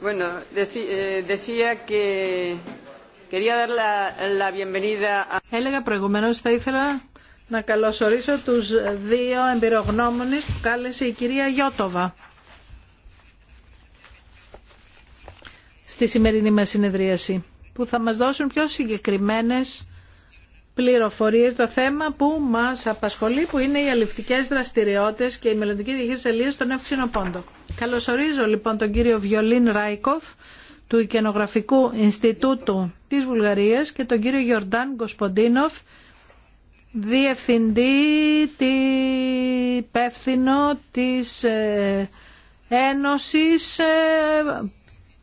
Bueno, eh, decía Έλεγα προηγουμένως θα ήθελα να καλωσορίσω τους δύο εμπειρογνώμονες που κάλεσε η κυρία Γιώτοβα στη σημερινή μας συνεδρίαση που θα μας δώσουν πιο συγκεκριμένες πληροφορίες το θέμα που μας απασχολεί που είναι οι αληφτικές δραστηριότητες και η μελλοντική διεχείριση στο στον Εύξηνο Πόντο. Καλωσορίζω λοιπόν τον κύριο Βιολίν Ράικοφ του Οικενογραφικού Ινστιτούτου της Βουλγαρίας και τον κύριο Γιορτάν Κοσποντίνοφ, διευθυντή τη... υπεύθυνο της ε, Ένωσης ε,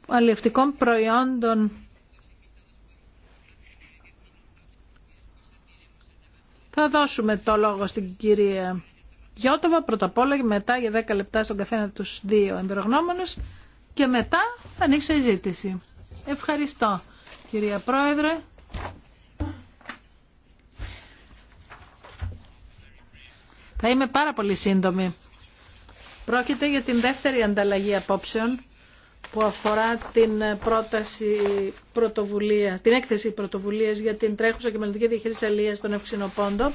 Αλληλευτικών Προϊόντων Θα δώσουμε το λόγο στην κυρία Γιώτοβα πρώτα μετά για 10 λεπτά στον καθένα τους δύο εμπειρογνώμονες και μετά θα ανοίξω η ζήτηση. Ευχαριστώ κυρία Πρόεδρε. Θα είμαι πάρα πολύ σύντομη. Πρόκειται για την δεύτερη ανταλλαγή απόψεων που αφορά την πρόταση πρωτοβουλία, την έκθεση πρωτοβουλίας για την τρέχουσα και μελλοντική διαχείριση αλίας στον Ευξηνοπόντο.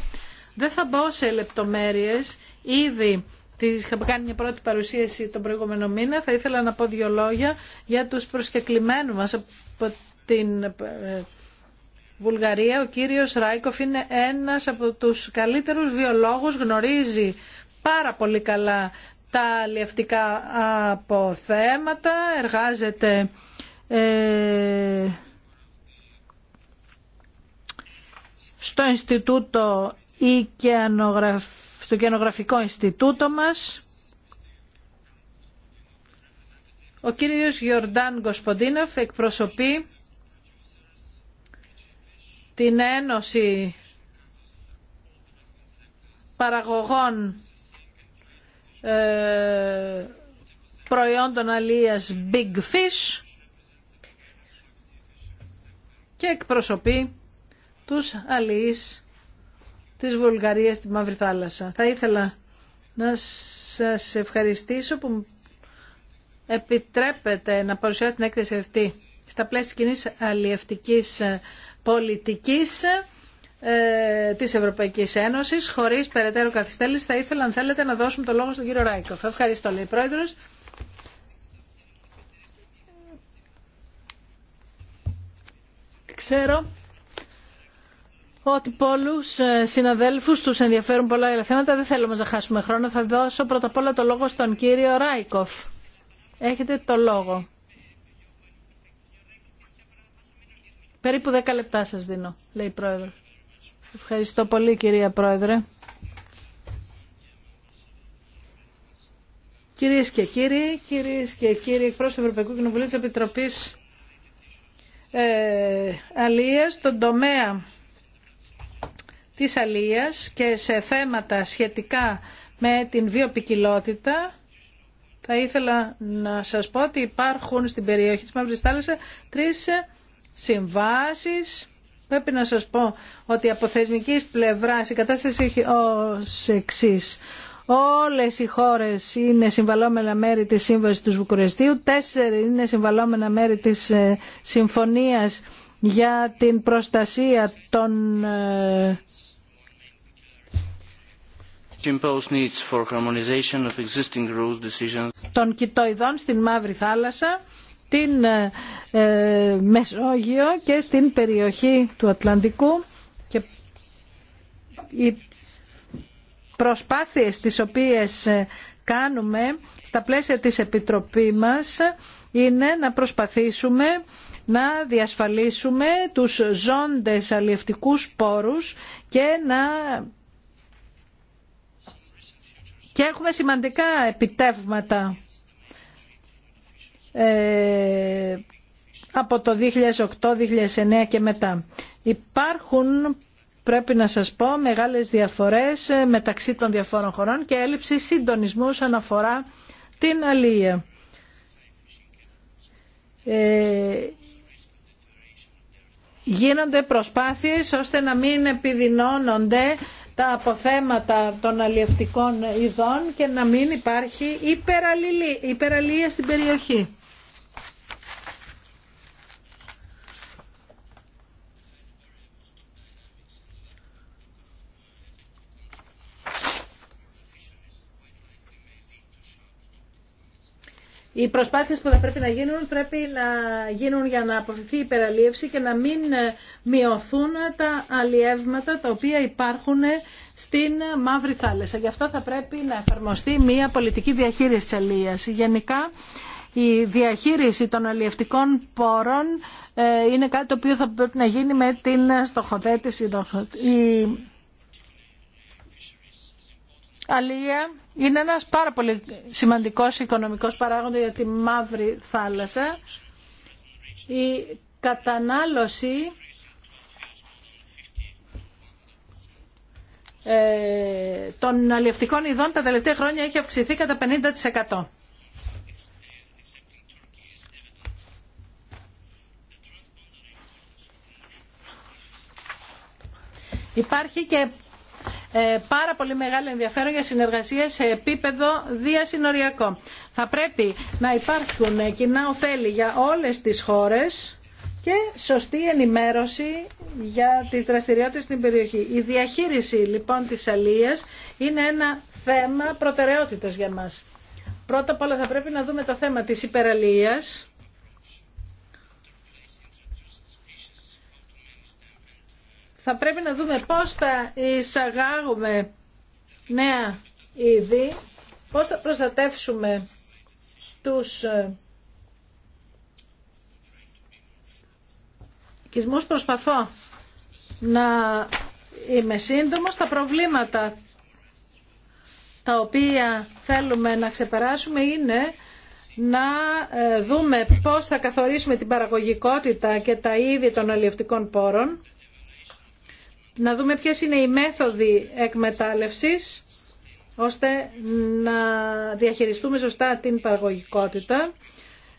Δεν θα μπω σε λεπτομέρειες. Ήδη της είχα κάνει μια πρώτη παρουσίαση τον προηγούμενο μήνα. Θα ήθελα να πω δύο λόγια για τους προσκεκλημένους μας από την ε, Βουλγαρία. Ο κύριος Ράικοφ είναι ένας από τους καλύτερους βιολόγους. Γνωρίζει πάρα πολύ καλά τα αλλιευτικά αποθέματα. Εργάζεται... Ε, στο Ινστιτούτο στο Κενογραφικό Ινστιτούτο μας. Ο κύριος Γιορτάν Γκοσποντίνοφ εκπροσωπεί την Ένωση Παραγωγών ε, Προϊόντων Αλίας Big Fish και εκπροσωπεί τους αλίες της Βουλγαρίας στη Μαύρη Θάλασσα. Θα ήθελα να σας ευχαριστήσω που επιτρέπετε να παρουσιάσετε την έκθεση αυτή στα πλαίσια κοινή αλλιευτικής πολιτικής ε, της Ευρωπαϊκής Ένωσης χωρίς περαιτέρω καθυστέρηση θα ήθελα αν θέλετε να δώσουμε το λόγο στον κύριο Ράικο. ευχαριστώ λέει πρόεδρος. Ξέρω ότι πολλού ε, συναδέλφου του ενδιαφέρουν πολλά άλλα θέματα. Δεν θέλουμε να χάσουμε χρόνο. Θα δώσω πρώτα απ' όλα το λόγο στον κύριο Ράικοφ. Έχετε το λόγο. Περίπου 10 λεπτά σας δίνω, λέει η Πρόεδρο. Ευχαριστώ πολύ κυρία Πρόεδρε. Κυρίες και κύριοι, κυρίες και κύριοι εκπρόσωποι Ευρωπαϊκού Κοινοβουλίου της Επιτροπής ε, στον τομέα της αλίας και σε θέματα σχετικά με την βιοπικιλότητα θα ήθελα να σας πω ότι υπάρχουν στην περιοχή της Μαύρης Θάλασσα τρεις συμβάσεις. Πρέπει να σας πω ότι από θεσμικής πλευράς η κατάσταση έχει ως εξής. Όλες οι χώρες είναι συμβαλόμενα μέρη της Σύμβασης του Βουκουρεστίου, τέσσερι είναι συμβαλόμενα μέρη της ε, Συμφωνίας για την προστασία των ε, των κοιτοειδών στην Μαύρη Θάλασσα, την ε, ε, Μεσόγειο και στην περιοχή του Ατλαντικού και οι προσπάθειες τις οποίες κάνουμε στα πλαίσια της Επιτροπή μας είναι να προσπαθήσουμε να διασφαλίσουμε τους ζώντες αλλιευτικούς πόρους και να... Και έχουμε σημαντικά επιτεύγματα ε, από το 2008-2009 και μετά. Υπάρχουν, πρέπει να σας πω, μεγάλες διαφορές ε, μεταξύ των διαφόρων χωρών και έλλειψη συντονισμού σαν αφορά την αλληλεία. Ε, γίνονται προσπάθειες ώστε να μην επιδεινώνονται τα αποθέματα των αλλιευτικών ειδών και να μην υπάρχει υπεραλληλία στην περιοχή. οι προσπάθειες που θα πρέπει να γίνουν πρέπει να γίνουν για να αποφευθεί η υπεραλίευση και να μην ε, μειωθούν τα αλλιεύματα τα οποία υπάρχουν στην Μαύρη Θάλασσα. Γι' αυτό θα πρέπει να εφαρμοστεί μια πολιτική διαχείριση της αλλίας. Γενικά η διαχείριση των αλλιευτικών πόρων ε, είναι κάτι το οποίο θα πρέπει να γίνει με την στοχοθέτηση. Η αλία είναι ένας πάρα πολύ σημαντικός οικονομικός παράγοντα για τη μαύρη θάλασσα. Η κατανάλωση ε, των αλλιευτικών ειδών τα τελευταία χρόνια έχει αυξηθεί κατά 50%. Υπάρχει και ε, πάρα πολύ μεγάλο ενδιαφέρον για συνεργασία σε επίπεδο διασυνοριακό. Θα πρέπει να υπάρχουν κοινά ωφέλη για όλες τις χώρες και σωστή ενημέρωση για τις δραστηριότητες στην περιοχή. Η διαχείριση λοιπόν της αλίας είναι ένα θέμα προτεραιότητας για μας. Πρώτα απ' όλα θα πρέπει να δούμε το θέμα της υπεραλίας θα πρέπει να δούμε πώς θα εισαγάγουμε νέα είδη, πώς θα προστατεύσουμε τους ε, οικισμούς. Προσπαθώ να είμαι σύντομο. Τα προβλήματα τα οποία θέλουμε να ξεπεράσουμε είναι να ε, δούμε πώς θα καθορίσουμε την παραγωγικότητα και τα είδη των αλλιευτικών πόρων να δούμε ποιες είναι οι μέθοδοι εκμετάλλευσης ώστε να διαχειριστούμε σωστά την παραγωγικότητα,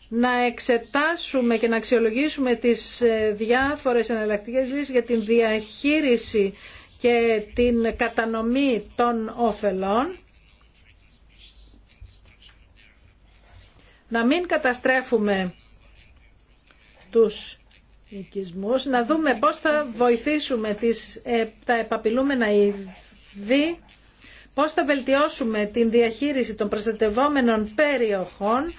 να εξετάσουμε και να αξιολογήσουμε τις ε, διάφορες εναλλακτικές λύσεις για την διαχείριση και την κατανομή των όφελων, να μην καταστρέφουμε τους οικισμούς, να δούμε πώς θα βοηθήσουμε τις, ε, τα επαπειλούμενα είδη, πώς θα βελτιώσουμε την διαχείριση των προστατευόμενων περιοχών,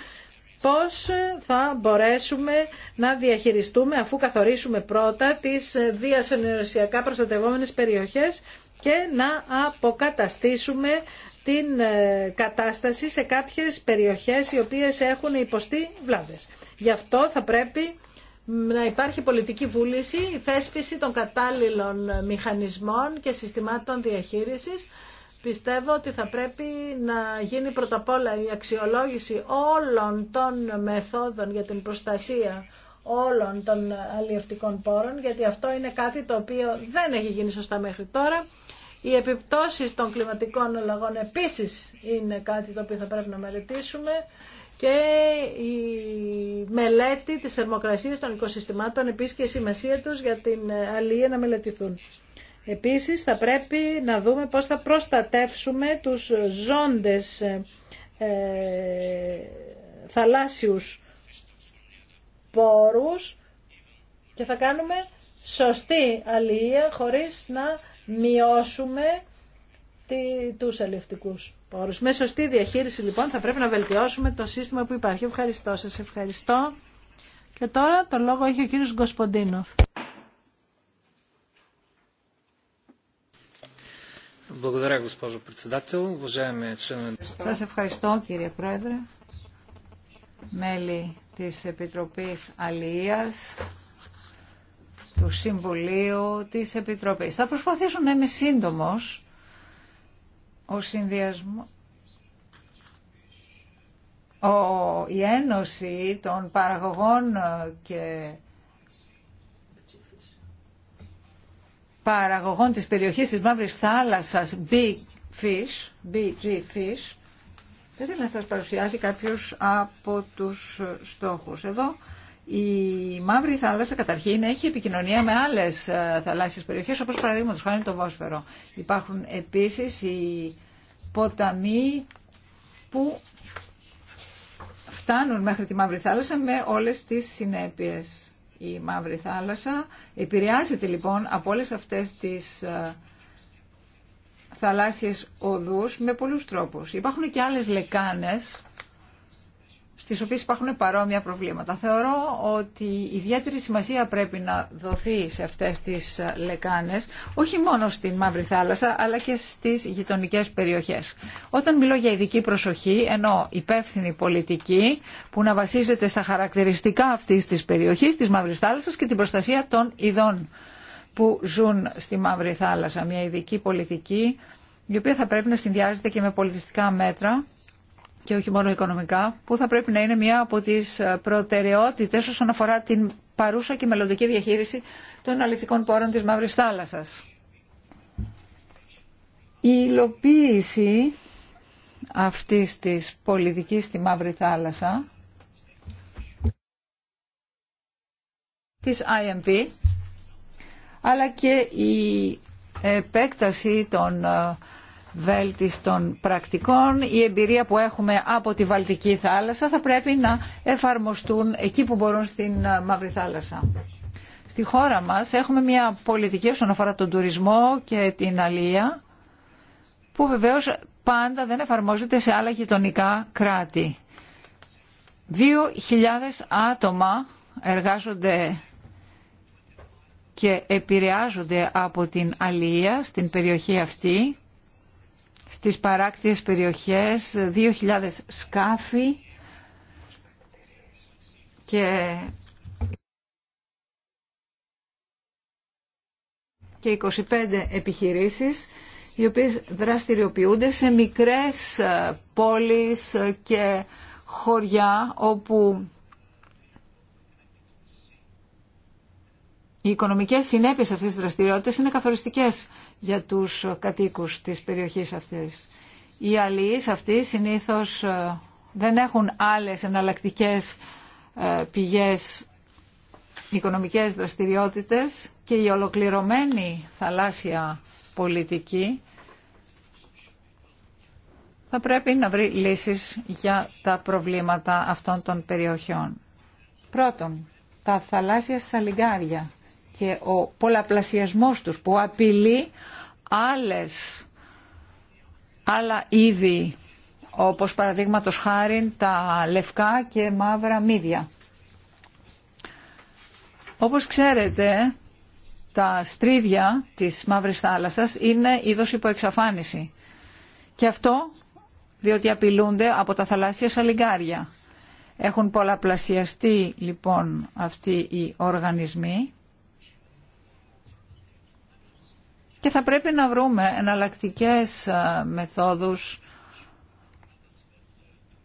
πώς θα μπορέσουμε να διαχειριστούμε αφού καθορίσουμε πρώτα τις διασυνεργασιακά προστατευόμενες περιοχές και να αποκαταστήσουμε την ε, κατάσταση σε κάποιες περιοχές οι οποίες έχουν υποστεί βλάβες. Γι' αυτό θα πρέπει να υπάρχει πολιτική βούληση, θέσπιση των κατάλληλων μηχανισμών και συστημάτων διαχείρισης. Πιστεύω ότι θα πρέπει να γίνει πρώτα απ' όλα η αξιολόγηση όλων των μεθόδων για την προστασία όλων των αλλιευτικών πόρων, γιατί αυτό είναι κάτι το οποίο δεν έχει γίνει σωστά μέχρι τώρα. Οι επιπτώσεις των κλιματικών αλλαγών επίσης είναι κάτι το οποίο θα πρέπει να μελετήσουμε και η μελέτη της θερμοκρασίας των οικοσυστημάτων επίσης και η σημασία τους για την αλληλεία να μελετηθούν. Επίσης θα πρέπει να δούμε πώς θα προστατεύσουμε τους ζώντες ε, θαλάσσιους πόρους και θα κάνουμε σωστή αλληλεία χωρίς να μειώσουμε τη, τους αλληλευτικούς πόρους. Με σωστή διαχείριση λοιπόν θα πρέπει να βελτιώσουμε το σύστημα που υπάρχει. Ευχαριστώ σας. Ευχαριστώ. Και τώρα το λόγο έχει ο κύριος Γκοσποντίνοφ. Σας ευχαριστώ κύριε Πρόεδρε, μέλη της Επιτροπής Αλίας, του Συμβουλίου της Επιτροπής. Θα προσπαθήσω να είμαι σύντομος ο συνδυασμό ο, η ένωση των παραγωγών ε, και παραγωγών της περιοχής της Μαύρης Θάλασσας Big Fish, BG Fish δεν να σας παρουσιάσει κάποιους από τους ε, στόχους. Εδώ η Μαύρη Θάλασσα καταρχήν έχει επικοινωνία με άλλες ε, θαλάσσιες περιοχές όπως παραδείγματο χάρη το Βόσφαιρο. Υπάρχουν επίσης οι ποταμοί που φτάνουν μέχρι τη Μαύρη Θάλασσα με όλες τις συνέπειες. Η Μαύρη Θάλασσα επηρεάζεται λοιπόν από όλες αυτές τις ε, θαλάσσιες οδούς με πολλούς τρόπους. Υπάρχουν και άλλες λεκάνες στις οποίες υπάρχουν παρόμοια προβλήματα. Θεωρώ ότι ιδιαίτερη σημασία πρέπει να δοθεί σε αυτές τις ε, λεκάνες, όχι μόνο στην Μαύρη Θάλασσα, αλλά και στις γειτονικές περιοχές. Όταν μιλώ για ειδική προσοχή, ενώ υπεύθυνη πολιτική που να βασίζεται στα χαρακτηριστικά αυτής της περιοχής, της Μαύρης Θάλασσας και την προστασία των ειδών που ζουν στη Μαύρη Θάλασσα. Μια ειδική πολιτική, η οποία θα πρέπει να συνδυάζεται και με πολιτιστικά μέτρα, και όχι μόνο οικονομικά, που θα πρέπει να είναι μία από τις ε, προτεραιότητες όσον αφορά την παρούσα και μελλοντική διαχείριση των αληθικών πόρων της Μαύρης Θάλασσας. Η υλοποίηση αυτής της πολιτικής στη Μαύρη Θάλασσα, της IMP, αλλά και η επέκταση των ε, βέλτιστων πρακτικών, η εμπειρία που έχουμε από τη Βαλτική θάλασσα θα πρέπει να εφαρμοστούν εκεί που μπορούν στην ε, Μαύρη θάλασσα. Στη χώρα μας έχουμε μια πολιτική όσον αφορά τον τουρισμό και την αλία που βεβαίως πάντα δεν εφαρμόζεται σε άλλα γειτονικά κράτη. 2.000 άτομα εργάζονται και επηρεάζονται από την αλία στην περιοχή αυτή στις παράκτιες περιοχές, 2.000 σκάφη και... και 25 επιχειρήσεις οι οποίες δραστηριοποιούνται σε μικρές ε, πόλεις ε, και χωριά όπου Οι οικονομικές συνέπειες αυτή τη δραστηριότητα είναι καθοριστικέ για τους κατοίκους της περιοχής αυτής. Οι αλληλεί αυτοί συνήθως ε, δεν έχουν άλλες εναλλακτικές ε, πηγές οικονομικές δραστηριότητες και η ολοκληρωμένη θαλάσσια πολιτική θα πρέπει να βρει λύσεις για τα προβλήματα αυτών των περιοχών. Πρώτον, τα θαλάσσια σαλιγκάρια και ο πολλαπλασιασμός τους που απειλεί άλλες, άλλα είδη όπως παραδείγματος χάρη τα λευκά και μαύρα μύδια. Όπως ξέρετε, τα στρίδια της Μαύρης Θάλασσας είναι είδος υποεξαφάνιση. Και αυτό διότι απειλούνται από τα θαλάσσια σαλιγκάρια. Έχουν πολλαπλασιαστεί λοιπόν αυτοί οι οργανισμοί και θα πρέπει να βρούμε εναλλακτικές μεθόδους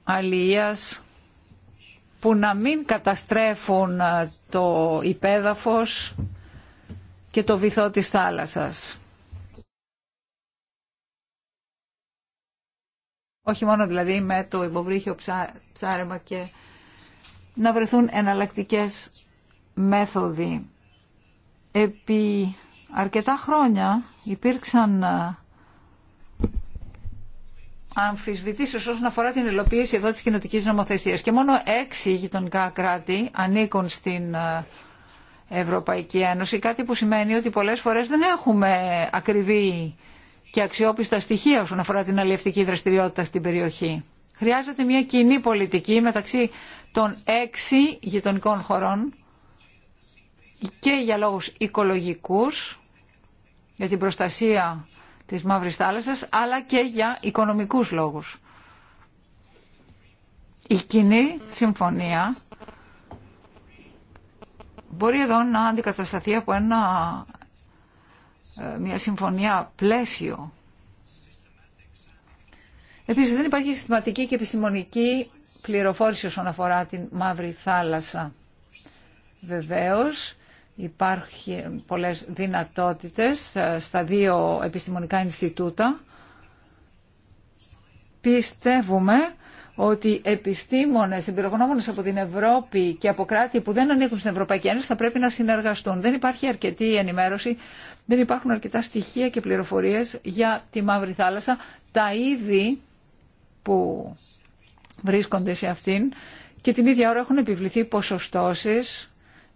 αλλιώς που να μην καταστρέφουν το υπέδαφος και το βυθό της θάλασσας. Όχι μόνο δηλαδή με το υποβρύχιο ψάρεμα και να βρεθούν εναλλακτικές μέθοδοι. Επί αρκετά χρόνια υπήρξαν ε, αμφισβητήσεις όσον αφορά την υλοποίηση εδώ της κοινοτική νομοθεσίας και μόνο έξι γειτονικά κράτη ανήκουν στην ε, Ευρωπαϊκή Ένωση, κάτι που σημαίνει ότι πολλές φορές δεν έχουμε ακριβή και αξιόπιστα στοιχεία όσον αφορά την αλληλευτική δραστηριότητα στην περιοχή. Χρειάζεται μια κοινή πολιτική μεταξύ των έξι γειτονικών χωρών και για λόγους οικολογικούς για την προστασία της Μαύρης Θάλασσας, αλλά και για οικονομικούς λόγους. Η κοινή συμφωνία μπορεί εδώ να αντικατασταθεί από ένα, ε, μια συμφωνία πλαίσιο. Επίσης δεν υπάρχει συστηματική και επιστημονική πληροφόρηση όσον αφορά την Μαύρη Θάλασσα. Βεβαίως Υπάρχουν πολλές δυνατότητες ε, στα δύο επιστημονικά Ινστιτούτα. Πιστεύουμε ότι επιστήμονες, εμπειρογνώμονες από την Ευρώπη και από κράτη που δεν ανήκουν στην Ευρωπαϊκή Ένωση θα πρέπει να συνεργαστούν. Δεν υπάρχει αρκετή ενημέρωση, δεν υπάρχουν αρκετά στοιχεία και πληροφορίες για τη Μαύρη Θάλασσα, τα είδη που βρίσκονται σε αυτήν και την ίδια ώρα έχουν επιβληθεί ποσοστώσεις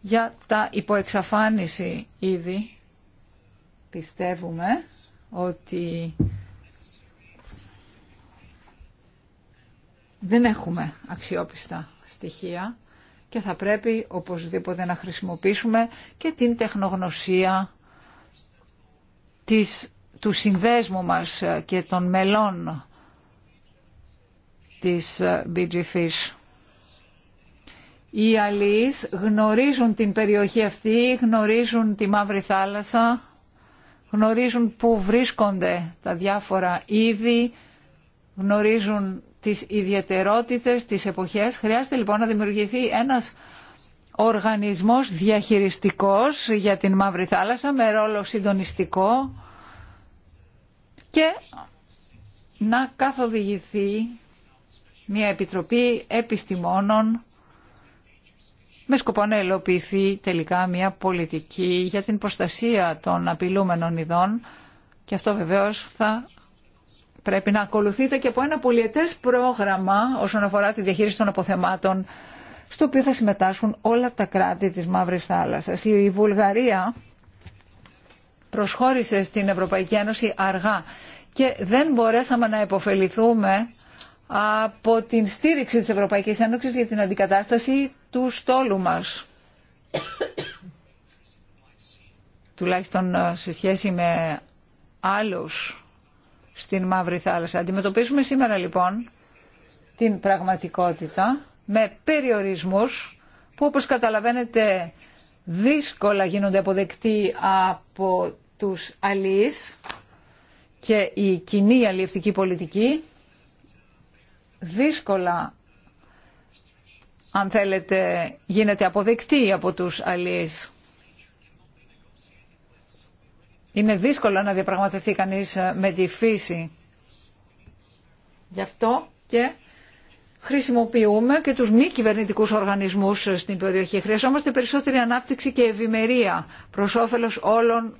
για τα υποεξαφάνιση ήδη πιστεύουμε ότι δεν έχουμε αξιόπιστα στοιχεία και θα πρέπει οπωσδήποτε να χρησιμοποιήσουμε και την τεχνογνωσία της, του συνδέσμου μας και των μελών της ε, BGFISH. Οι αλείς γνωρίζουν την περιοχή αυτή, γνωρίζουν τη Μαύρη Θάλασσα, γνωρίζουν πού βρίσκονται τα διάφορα είδη, γνωρίζουν τις ιδιαιτερότητες, τις εποχές. Χρειάζεται λοιπόν να δημιουργηθεί ένας οργανισμός διαχειριστικός για την Μαύρη Θάλασσα με ρόλο συντονιστικό και να καθοδηγηθεί μια επιτροπή επιστημόνων με σκοπό να ελοποιηθεί τελικά μια πολιτική για την προστασία των απειλούμενων ειδών και αυτό βεβαίως θα πρέπει να ακολουθείται και από ένα πολιετές πρόγραμμα όσον αφορά τη διαχείριση των αποθεμάτων στο οποίο θα συμμετάσχουν όλα τα κράτη της Μαύρης Θάλασσας. Η Βουλγαρία προσχώρησε στην Ευρωπαϊκή Ένωση αργά και δεν μπορέσαμε να υποφεληθούμε από την στήριξη της Ευρωπαϊκής Ένωσης για την αντικατάσταση του στόλου μας. Τουλάχιστον ε, σε σχέση με άλλους στην Μαύρη Θάλασσα. Αντιμετωπίζουμε σήμερα λοιπόν την πραγματικότητα με περιορισμούς που όπως καταλαβαίνετε δύσκολα γίνονται αποδεκτοί από τους αλλοίς και η κοινή αλληλευτική πολιτική δύσκολα αν θέλετε γίνεται αποδεκτή από τους αλλιείς. Είναι δύσκολο να διαπραγματευτεί κανείς ε, με τη φύση. Γι' αυτό και χρησιμοποιούμε και τους μη κυβερνητικούς οργανισμούς ε, στην περιοχή. Χρειαζόμαστε περισσότερη ανάπτυξη και ευημερία προς όφελος όλων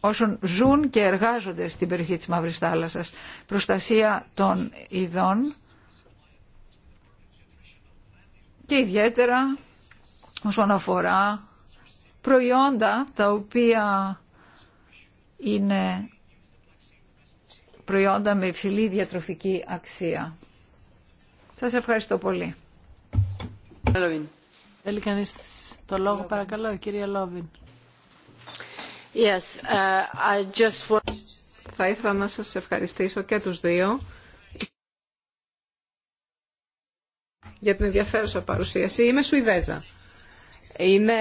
όσων ζουν και εργάζονται στην περιοχή της Μαύρης Θάλασσας. Προστασία των ειδών και ιδιαίτερα όσον αφορά προϊόντα τα οποία είναι προϊόντα με υψηλή διατροφική αξία. Σας ευχαριστώ πολύ. Θέλει κανείς το λόγο παρακαλώ, κυρία Λόβιν. Uh, Θα ήθελα να σας ευχαριστήσω και τους δύο για την ενδιαφέρουσα παρουσίαση. Είμαι Σουηδέζα. Είναι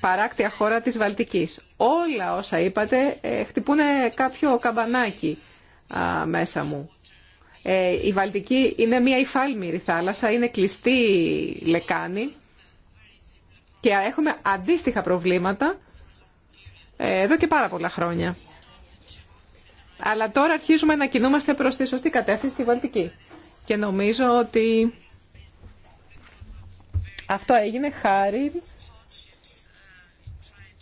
παράκτια χώρα της Βαλτικής. Όλα όσα είπατε ε, χτυπούν κάποιο καμπανάκι μέσα μου. Ε, η Βαλτική είναι μια υφάλμηρη θάλασσα, είναι κλειστή λεκάνη και έχουμε αντίστοιχα προβλήματα ε, εδώ και πάρα πολλά χρόνια. Αλλά τώρα αρχίζουμε να κινούμαστε προς τη σωστή κατεύθυνση στη Βαλτική. Και νομίζω ότι αυτό έγινε χάρη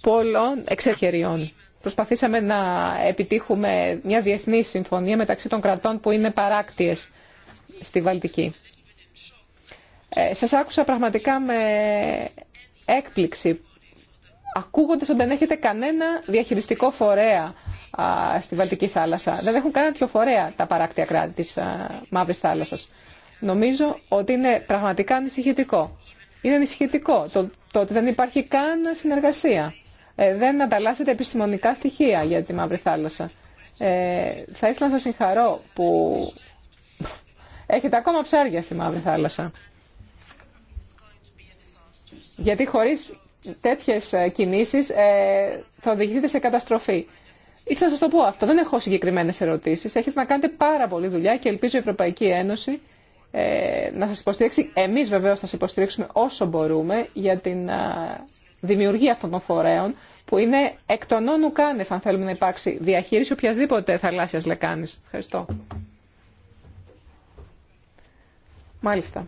πολλών εξεχεριών. Προσπαθήσαμε να επιτύχουμε μια διεθνή συμφωνία μεταξύ των κρατών που είναι παράκτιες στη Βαλτική. Ε, σας άκουσα πραγματικά με έκπληξη ακούγονται ότι δεν έχετε κανένα διαχειριστικό φορέα στη Βαλτική θάλασσα. Δεν έχουν κανένα πιο φορέα τα παράκτια κράτη της Μαύρης θάλασσας. Νομίζω ότι είναι πραγματικά ανησυχητικό. Είναι ανησυχητικό το, το ότι δεν υπάρχει καν συνεργασία. Ε, δεν ανταλλάσσεται επιστημονικά στοιχεία για τη Μαύρη θάλασσα. Ε, θα ήθελα να σας συγχαρώ που έχετε ακόμα ψάρια στη Μαύρη θάλασσα. Γιατί χωρίς τέτοιες ε, κινήσεις ε, θα οδηγηθείτε σε καταστροφή. Ήθελα να σα το πω αυτό. Δεν έχω συγκεκριμένε ερωτήσεις. Έχετε να κάνετε πάρα πολλή δουλειά και ελπίζω η Ευρωπαϊκή Ένωση ε, να σας υποστηρίξει. Εμείς βεβαίω θα σας υποστηρίξουμε όσο μπορούμε για την δημιουργία αυτών των φορέων που είναι εκ των όνου κάνευ αν θέλουμε να υπάρξει διαχείριση οποιασδήποτε θαλάσσια λεκάνης. Ευχαριστώ. Μάλιστα.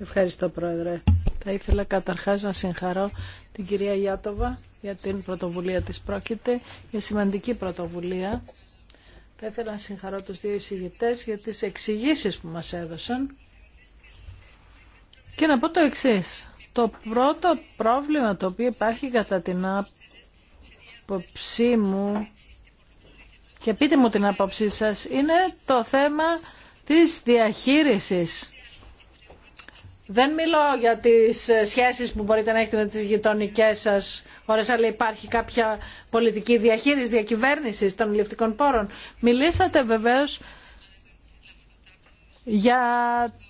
Ευχαριστώ Πρόεδρε. Θα ήθελα καταρχάς να συγχαρώ την κυρία Γιάτοβα για την πρωτοβουλία της πρόκειται, για σημαντική πρωτοβουλία. Θα ήθελα να συγχαρώ τους δύο εισηγητές για τις εξηγήσει που μας έδωσαν. Και να πω το εξή: Το πρώτο πρόβλημα το οποίο υπάρχει κατά την άποψή μου και πείτε μου την άποψή σας είναι το θέμα της διαχείρισης δεν μιλώ για τις ε, σχέσεις που μπορείτε να έχετε με τις γειτονικές σας χώρες, αλλά υπάρχει κάποια πολιτική διαχείριση, διακυβέρνηση των ληφτικών πόρων. Μιλήσατε βεβαίως για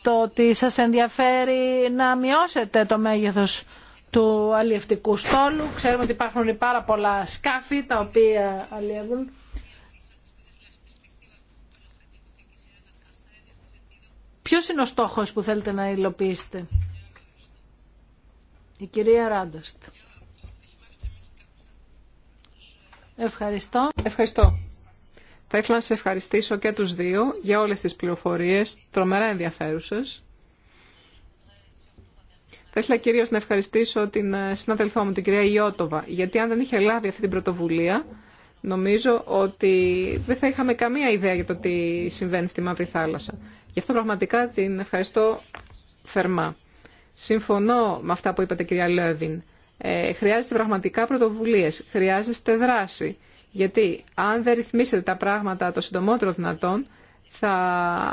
το ότι σας ενδιαφέρει να μειώσετε το μέγεθος του αλληλευτικού στόλου. Ξέρουμε ότι υπάρχουν πάρα πολλά σκάφη τα οποία αλληλεύουν. Ποιος είναι ο στόχος που θέλετε να υλοποιήσετε. Η κυρία Ράντοστ. Ευχαριστώ. Ευχαριστώ. Θα ήθελα να σε ευχαριστήσω και τους δύο για όλες τις πληροφορίες, τρομερά ενδιαφέρουσες. Θα ήθελα κυρίως να ευχαριστήσω την ε, συναδελφό μου, την κυρία Ιώτοβα, γιατί αν δεν είχε λάβει αυτή την πρωτοβουλία, νομίζω ότι δεν θα είχαμε καμία ιδέα για το τι συμβαίνει στη Μαύρη Θάλασσα. Γι' αυτό πραγματικά την ευχαριστώ θερμά. Συμφωνώ με αυτά που είπατε κυρία Λέβιν. Ε, χρειάζεται πραγματικά πρωτοβουλίες, χρειάζεστε δράση. Γιατί αν δεν ρυθμίσετε τα πράγματα το συντομότερο δυνατόν, θα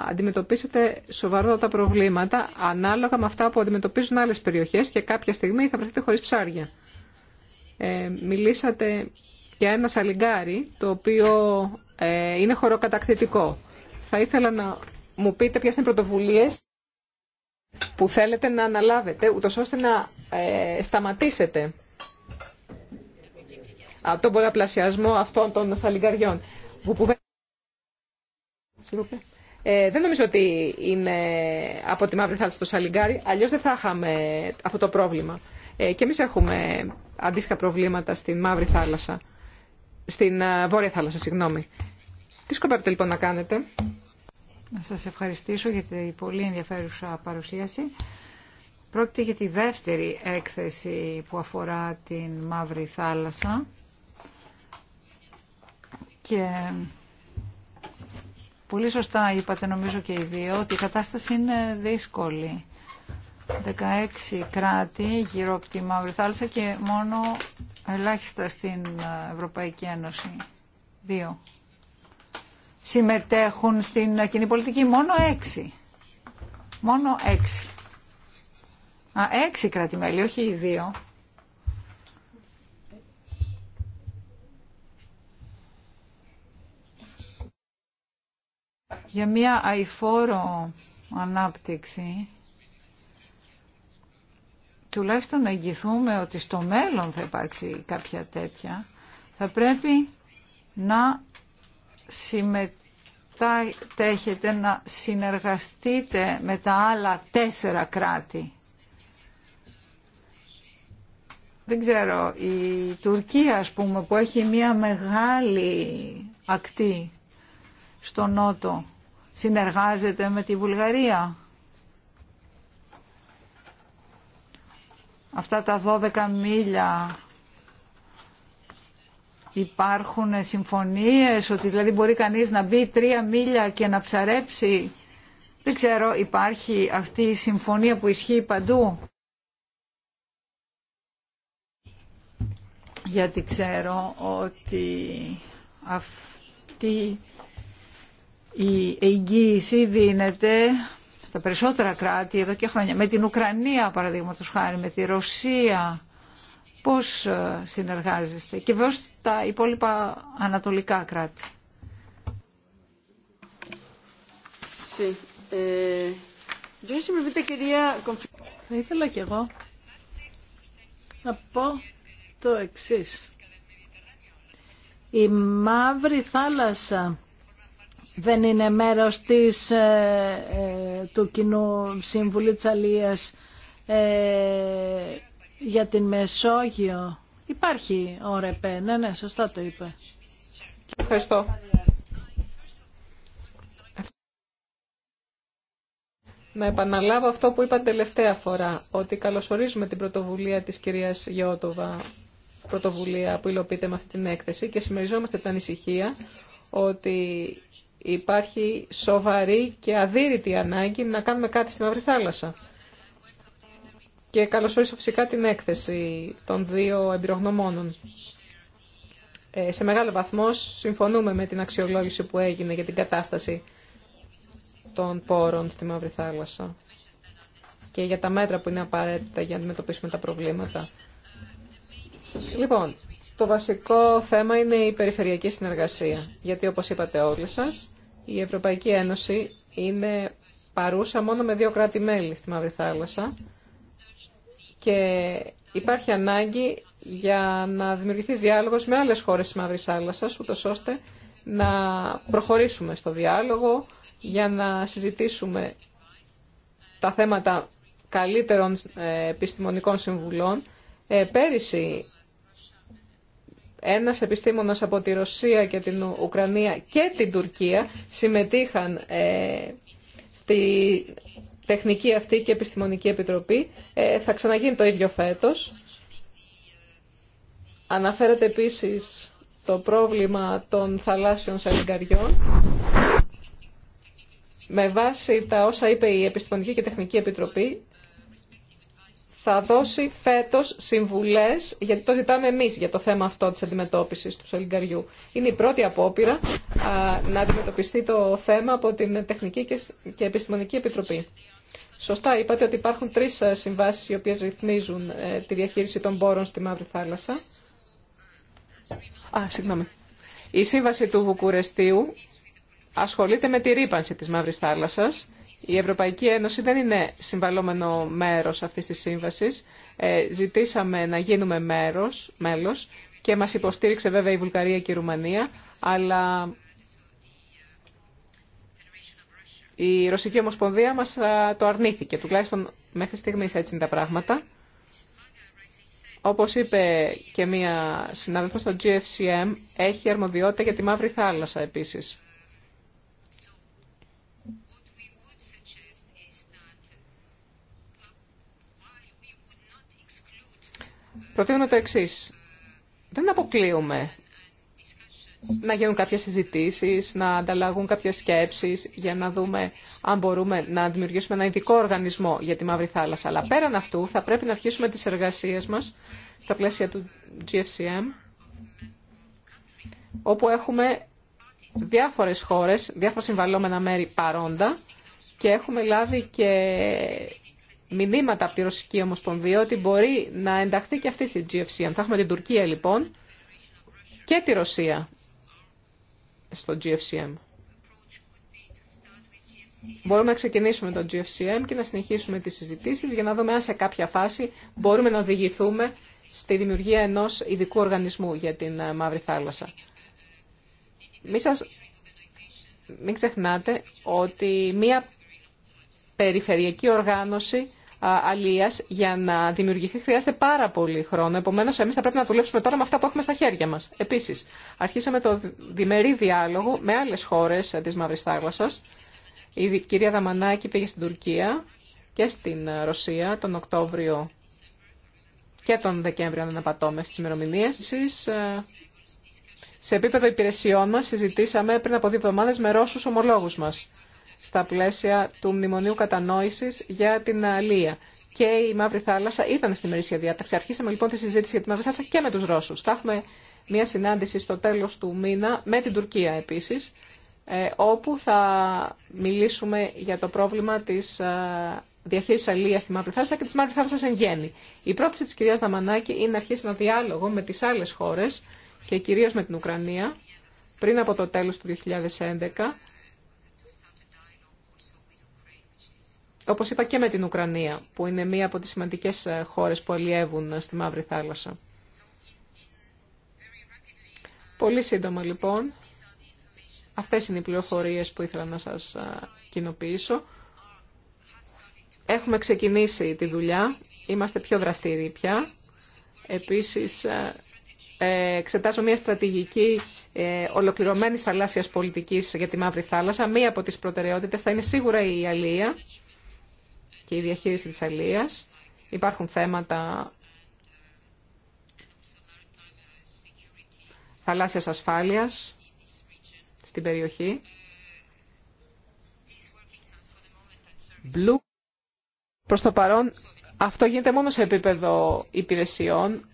αντιμετωπίσετε σοβαρότατα προβλήματα ανάλογα με αυτά που αντιμετωπίζουν άλλες περιοχές και κάποια στιγμή θα βρεθείτε χωρί ψάρια. Ε, μιλήσατε για ένα σαλιγκάρι το οποίο ε, είναι χωροκατακτητικό. Θα ήθελα να μου πείτε ποιες είναι πρωτοβουλίες που θέλετε να αναλάβετε, ούτως ώστε να ε, σταματήσετε από τον πολλαπλασιασμό αυτών των σαλιγκαριών. Ε, δεν νομίζω ότι είναι από τη μαύρη θάλασσα το σαλιγκάρι, αλλιώς δεν θα είχαμε αυτό το πρόβλημα. Ε, και εμείς έχουμε αντίστοιχα προβλήματα στη μαύρη θάλασσα στην ε, Βόρεια Θάλασσα, συγγνώμη. Τι σκοπεύετε λοιπόν να κάνετε. Να σας ευχαριστήσω για την πολύ ενδιαφέρουσα παρουσίαση. Πρόκειται για τη δεύτερη έκθεση που αφορά την Μαύρη Θάλασσα και πολύ σωστά είπατε νομίζω και οι δύο ότι η κατάσταση είναι δύσκολη. 16 κράτη γύρω από τη Μαύρη Θάλασσα και μόνο ελάχιστα στην ε, Ευρωπαϊκή Ένωση. Δύο. Συμμετέχουν στην ε, κοινή πολιτική μόνο έξι. Μόνο έξι. Α, έξι όχι οι δύο. Για μια αηφόρο ανάπτυξη τουλάχιστον να εγγυθούμε ότι στο μέλλον θα υπάρξει κάποια τέτοια, θα πρέπει να συμμετέχετε, να συνεργαστείτε με τα άλλα τέσσερα κράτη. Δεν ξέρω, η Τουρκία ας πούμε που έχει μια μεγάλη ακτή στο νότο συνεργάζεται με τη Βουλγαρία. αυτά τα 12 μίλια υπάρχουν συμφωνίες ότι δηλαδή μπορεί κανείς να μπει τρία μίλια και να ψαρέψει δεν ξέρω υπάρχει αυτή η συμφωνία που ισχύει παντού γιατί ξέρω ότι αυτή η εγγύηση δίνεται τα περισσότερα κράτη εδώ και χρόνια. Με την Ουκρανία παραδείγματο χάρη, με τη Ρωσία. Πώς ε, συνεργάζεστε και βέβαια τα υπόλοιπα ανατολικά κράτη. Eh, Θα ήθελα κι εγώ να πω το εξής. Η Μαύρη Θάλασσα δεν είναι μέρος της ε, ε, του Κοινού Συμβουλίου της Αλίας ε, για την Μεσόγειο. Υπάρχει ο Ναι, ναι, σωστά το είπε. Ευχαριστώ. Να επαναλάβω αυτό που είπα τελευταία φορά, ότι καλωσορίζουμε την πρωτοβουλία της κυρίας Γιώτοβα, πρωτοβουλία που υλοποιείται με αυτή την έκθεση και συμμεριζόμαστε την ανησυχία ότι Υπάρχει σοβαρή και αδύρυτη ανάγκη να κάνουμε κάτι στη Μαύρη Θάλασσα. Και καλωσορίσω φυσικά την έκθεση των δύο εμπειρογνωμόνων. Ε, σε μεγάλο βαθμό συμφωνούμε με την αξιολόγηση που έγινε για την κατάσταση των πόρων στη Μαύρη Θάλασσα και για τα μέτρα που είναι απαραίτητα για να αντιμετωπίσουμε τα προβλήματα. Λοιπόν, το βασικό θέμα είναι η περιφερειακή συνεργασία, γιατί όπως είπατε όλοι σας, η Ευρωπαϊκή Ένωση είναι παρούσα μόνο με δύο κράτη-μέλη στη Μαύρη Θάλασσα και υπάρχει ανάγκη για να δημιουργηθεί διάλογος με άλλες χώρες της Μαύρης Θάλασσας, ούτως ώστε να προχωρήσουμε στο διάλογο για να συζητήσουμε τα θέματα καλύτερων ε, επιστημονικών συμβουλών. Ε, ένας επιστήμονας από τη Ρωσία και την Ουκρανία και την Τουρκία συμμετείχαν ε, στη τεχνική αυτή και επιστημονική επιτροπή. Ε, θα ξαναγίνει το ίδιο φέτος. Αναφέρεται επίσης το πρόβλημα των θαλάσσιων σαλιγκαριών. Με βάση τα όσα είπε η Επιστημονική και Τεχνική Επιτροπή, θα δώσει φέτος συμβουλές, γιατί το ζητάμε εμείς για το θέμα αυτό της αντιμετώπισης του σολυγκαριού. Είναι η πρώτη απόπειρα να αντιμετωπιστεί το θέμα από την Τεχνική και Επιστημονική Επιτροπή. Σωστά είπατε ότι υπάρχουν τρεις ε, συμβάσεις οι οποίες ρυθμίζουν ε, τη διαχείριση των πόρων στη Μαύρη Θάλασσα. Α, συγγνώμη. Η σύμβαση του Βουκουρεστίου ασχολείται με τη ρήπανση της Μαύρης Θάλασσας η Ευρωπαϊκή Ένωση δεν είναι συμβαλόμενο μέρος αυτής της σύμβασης. Ε, ζητήσαμε να γίνουμε μέρος, μέλος και μας υποστήριξε βέβαια η Βουλγαρία και η Ρουμανία, αλλά η Ρωσική Ομοσπονδία μας το αρνήθηκε, τουλάχιστον μέχρι στιγμής έτσι είναι τα πράγματα. Όπως είπε και μία συνάδελφος, το GFCM έχει αρμοδιότητα για τη Μαύρη Θάλασσα επίσης. Προτείνω το εξή. Δεν αποκλείουμε να γίνουν κάποιε συζητήσει, να ανταλλαγούν κάποιες σκέψεις για να δούμε αν μπορούμε να δημιουργήσουμε ένα ειδικό οργανισμό για τη Μαύρη Θάλασσα. Αλλά πέραν αυτού θα πρέπει να αρχίσουμε τις εργασίε μας στα πλαίσια του GFCM, όπου έχουμε διάφορες χώρες, διάφορα συμβαλόμενα μέρη παρόντα και έχουμε λάβει και μηνύματα από τη Ρωσική Ομοσπονδία ότι μπορεί να ενταχθεί και αυτή στην GFCM. Θα έχουμε την Τουρκία λοιπόν και τη Ρωσία στο GFCM. Μπορούμε να ξεκινήσουμε το GFCM και να συνεχίσουμε τις συζητήσεις για να δούμε αν σε κάποια φάση μπορούμε να οδηγηθούμε στη δημιουργία ενός ειδικού οργανισμού για την ε, Μαύρη Θάλασσα. Μην ξεχνάτε ότι μία περιφερειακή οργάνωση Αλλία για να δημιουργηθεί χρειάζεται πάρα πολύ χρόνο. Επομένω, εμεί θα πρέπει να δουλέψουμε τώρα με αυτά που έχουμε στα χέρια μα. Επίση, αρχίσαμε το διμερή διάλογο με άλλε χώρε τη Μαύρη Θάλασσα. Η κυρία Δαμανάκη πήγε στην Τουρκία και στην ε, Ρωσία τον Οκτώβριο και τον Δεκέμβριο, αν αναπατώμε στις ημερομηνίες. Ε, σε επίπεδο υπηρεσιών μα, συζητήσαμε πριν από δύο εβδομάδε με Ρώσου ομολόγου μα στα πλαίσια του Μνημονίου κατανόηση για την Αλία. Και η Μαύρη Θάλασσα ήταν στη ημερήσια διάταξη. Αρχίσαμε λοιπόν τη συζήτηση για τη Μαύρη Θάλασσα και με του Ρώσου. Θα έχουμε μια συνάντηση στο τέλο του μήνα με την Τουρκία επίσης, ε, όπου θα μιλήσουμε για το πρόβλημα της ε, διαχείριση Αλία στη Μαύρη Θάλασσα και τη Μαύρη Θάλασσα εν γέννη. Η πρόθεση τη κυρία Δαμανάκη είναι να αρχίσει ένα διάλογο με τι άλλε χώρε και κυρίω με την Ουκρανία πριν από το τέλο του 2011 όπως είπα και με την Ουκρανία, που είναι μία από τις σημαντικές ε, χώρες που αλλιεύουν ε, στη Μαύρη Θάλασσα. Πολύ σύντομα λοιπόν, αυτές είναι οι πληροφορίες που ήθελα να σας ε, κοινοποιήσω. Έχουμε ξεκινήσει τη δουλειά, είμαστε πιο δραστήριοι πια. Επίσης, εξετάζω μια στρατηγική ε, ολοκληρωμένης θαλάσσιας πολιτικής για τη Μαύρη Θάλασσα. Μία από τις προτεραιότητες θα είναι σίγουρα η αλία και η διαχείριση της αλίας. Υπάρχουν θέματα θαλάσσιας ασφάλειας στην περιοχή. Blue. Προς το παρόν, αυτό γίνεται μόνο σε επίπεδο υπηρεσιών.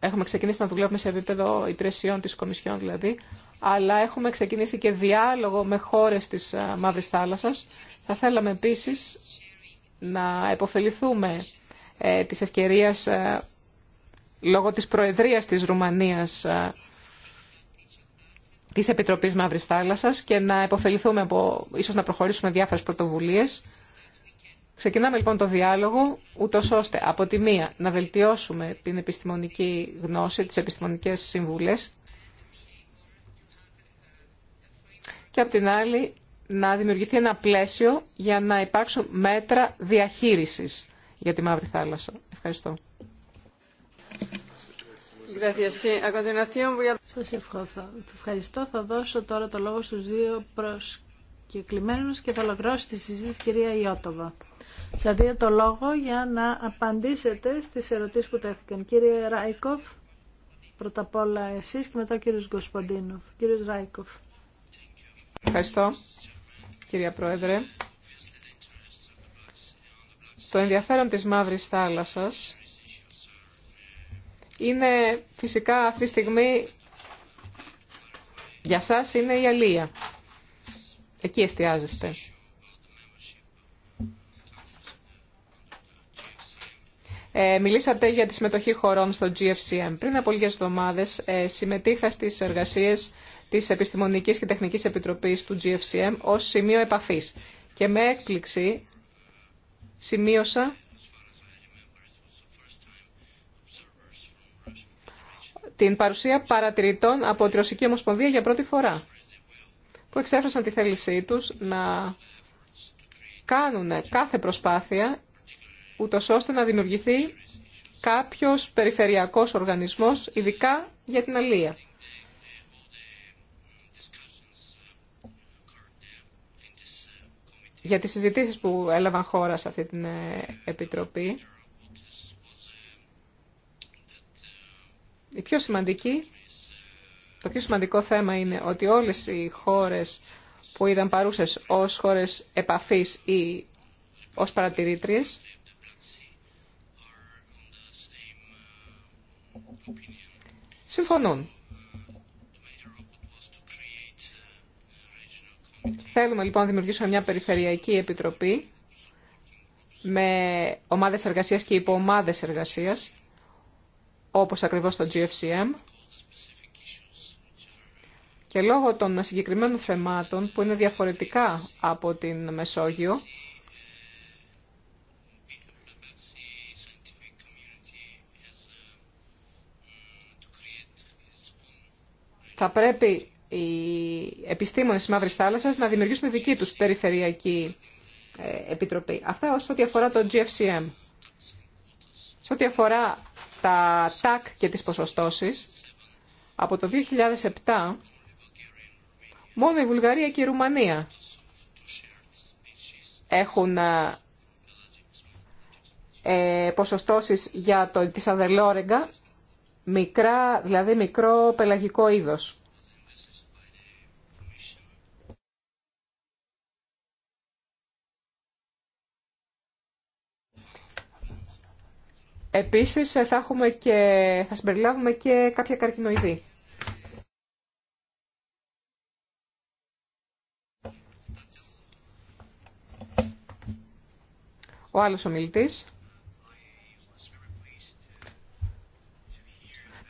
Έχουμε ξεκινήσει να δουλεύουμε σε επίπεδο υπηρεσιών της Κομισιόν δηλαδή, αλλά έχουμε ξεκινήσει και διάλογο με χώρες της ε, Μαύρης Θάλασσας. Θα θέλαμε επίσης να επωφεληθούμε ε, της ευκαιρίας ε, λόγω της Προεδρίας της Ρουμανίας ε, της Επιτροπής Μαύρης Θάλασσας και να επωφεληθούμε από, ίσως να προχωρήσουμε διάφορες πρωτοβουλίες. Ξεκινάμε λοιπόν το διάλογο, ούτω ώστε από τη μία να βελτιώσουμε την επιστημονική γνώση, τις επιστημονικές συμβουλές και από την άλλη να δημιουργηθεί ένα πλαίσιο για να υπάρξουν μέτρα διαχείρισης για τη Μαύρη Θάλασσα. Ευχαριστώ. Σας ευχαριστώ. Θα δώσω τώρα το λόγο στους δύο προσκεκλημένους και θα ολοκληρώσω τη συζήτηση κυρία Ιώτοβα. Σα δίνω το λόγο για να απαντήσετε στις ερωτήσεις που τέθηκαν. Κύριε Ράικοφ, πρώτα απ' όλα εσείς και μετά ο κύριος Γκοσποντίνοφ. Κύριος Ράικοφ. Ευχαριστώ κυρία Πρόεδρε. Το ενδιαφέρον της Μαύρης Θάλασσας είναι φυσικά αυτή τη στιγμή για σας είναι η αλία. Εκεί εστιάζεστε. Ε, μιλήσατε για τη συμμετοχή χωρών στο GFCM. Πριν από λίγες εβδομάδες ε, συμμετείχα στις εργασίες της Επιστημονικής και Τεχνικής Επιτροπής του GFCM ως σημείο επαφής. Και με έκπληξη σημείωσα την παρουσία παρατηρητών από τη Ρωσική Ομοσπονδία για πρώτη φορά, που εξέφρασαν τη θέλησή τους να κάνουν κάθε προσπάθεια, ούτως ώστε να δημιουργηθεί κάποιος περιφερειακός οργανισμός, ειδικά για την αλία. για τις συζητήσεις που έλαβαν χώρα σε αυτή την ε, Επιτροπή. Η πιο σημαντική, το πιο σημαντικό θέμα είναι ότι όλες οι χώρες που ήταν παρούσες ως χώρες επαφής ή ως παρατηρήτριες συμφωνούν Θέλουμε λοιπόν να δημιουργήσουμε μια περιφερειακή επιτροπή με ομάδες εργασίας και υποομάδες εργασίας, όπως ακριβώς το GFCM. Και λόγω των συγκεκριμένων θεμάτων που είναι διαφορετικά από την Μεσόγειο, θα πρέπει οι επιστήμονες της Μαύρης Θάλασσας να δημιουργήσουν δική τους περιφερειακή ε, επιτροπή. Αυτά όσο ό,τι αφορά το GFCM. Σε ό,τι αφορά τα τάκ και τις ποσοστώσεις, από το 2007 μόνο η Βουλγαρία και η Ρουμανία έχουν ε, ε ποσοστώσεις για το, τη σαδελόρεγγα, μικρά, δηλαδή μικρό πελαγικό είδος. Επίσης θα, έχουμε και, θα συμπεριλάβουμε και κάποια καρκινοειδή. Ο άλλος ομιλητής.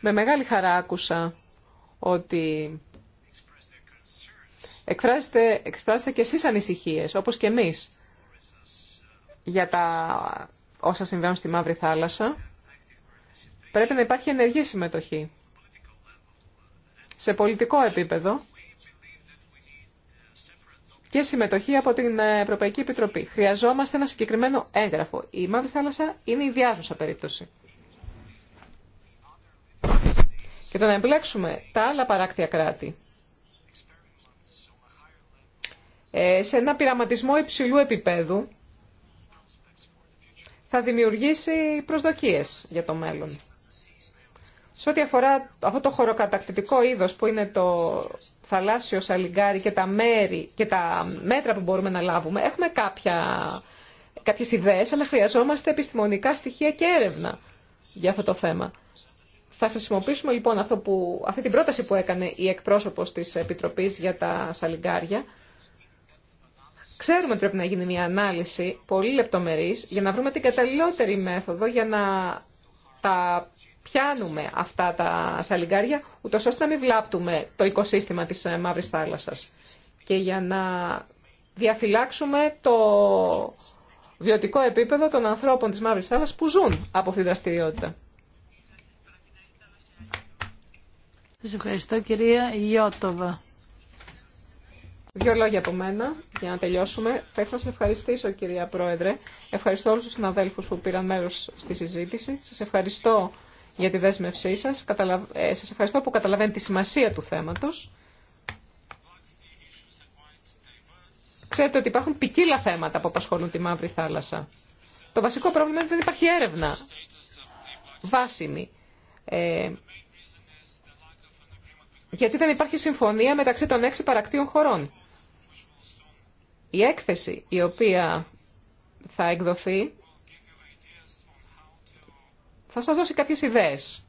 Με μεγάλη χαρά άκουσα ότι εκφράζετε, εκφράζετε και εσείς ανησυχίες, όπως και εμείς, για τα όσα συμβαίνουν στη Μαύρη Θάλασσα, πρέπει να υπάρχει ενεργή συμμετοχή. Σε πολιτικό επίπεδο και συμμετοχή από την Ευρωπαϊκή Επιτροπή. Χρειαζόμαστε ένα συγκεκριμένο έγγραφο. Η Μαύρη Θάλασσα είναι η διάζουσα περίπτωση. Και το να εμπλέξουμε τα άλλα παράκτια κράτη ε, σε ένα πειραματισμό υψηλού επίπεδου θα δημιουργήσει προσδοκίες για το μέλλον. Σε ό,τι αφορά αυτό το χωροκατακτητικό είδος που είναι το θαλάσσιο σαλιγκάρι και τα, μέρη, και τα μέτρα που μπορούμε να λάβουμε, έχουμε κάποια, κάποιες ιδέες, αλλά χρειαζόμαστε επιστημονικά στοιχεία και έρευνα για αυτό το θέμα. Θα χρησιμοποιήσουμε λοιπόν αυτό που, αυτή την πρόταση που έκανε η εκπρόσωπος της Επιτροπής για τα σαλιγκάρια Ξέρουμε ότι πρέπει να γίνει μια ανάλυση πολύ λεπτομερής για να βρούμε την καταλληλότερη μέθοδο για να τα πιάνουμε αυτά τα σαλιγκάρια, ούτως ώστε να μην βλάπτουμε το οικοσύστημα της ε, Μαύρης Θάλασσας και για να διαφυλάξουμε το βιωτικό επίπεδο των ανθρώπων της Μαύρης Θάλασσας που ζουν από αυτή τη δραστηριότητα. Σας ευχαριστώ κυρία Ιώτοβα. Δύο λόγια από μένα για να τελειώσουμε. Θα ήθελα να σα ευχαριστήσω, κυρία Πρόεδρε. Ευχαριστώ όλου του συναδέλφου που πήραν μέρο στη συζήτηση. Σα ευχαριστώ για τη δέσμευσή σα. Ε, σα ευχαριστώ που καταλαβαίνετε τη σημασία του θέματο. Ξέρετε ότι υπάρχουν ποικίλα θέματα που απασχολούν τη Μαύρη Θάλασσα. Το βασικό πρόβλημα είναι ότι δεν υπάρχει έρευνα βάσιμη. Ε, γιατί δεν υπάρχει συμφωνία μεταξύ των έξι παρακτήων χωρών. Η έκθεση η οποία θα εκδοθεί θα σας δώσει κάποιες ιδέες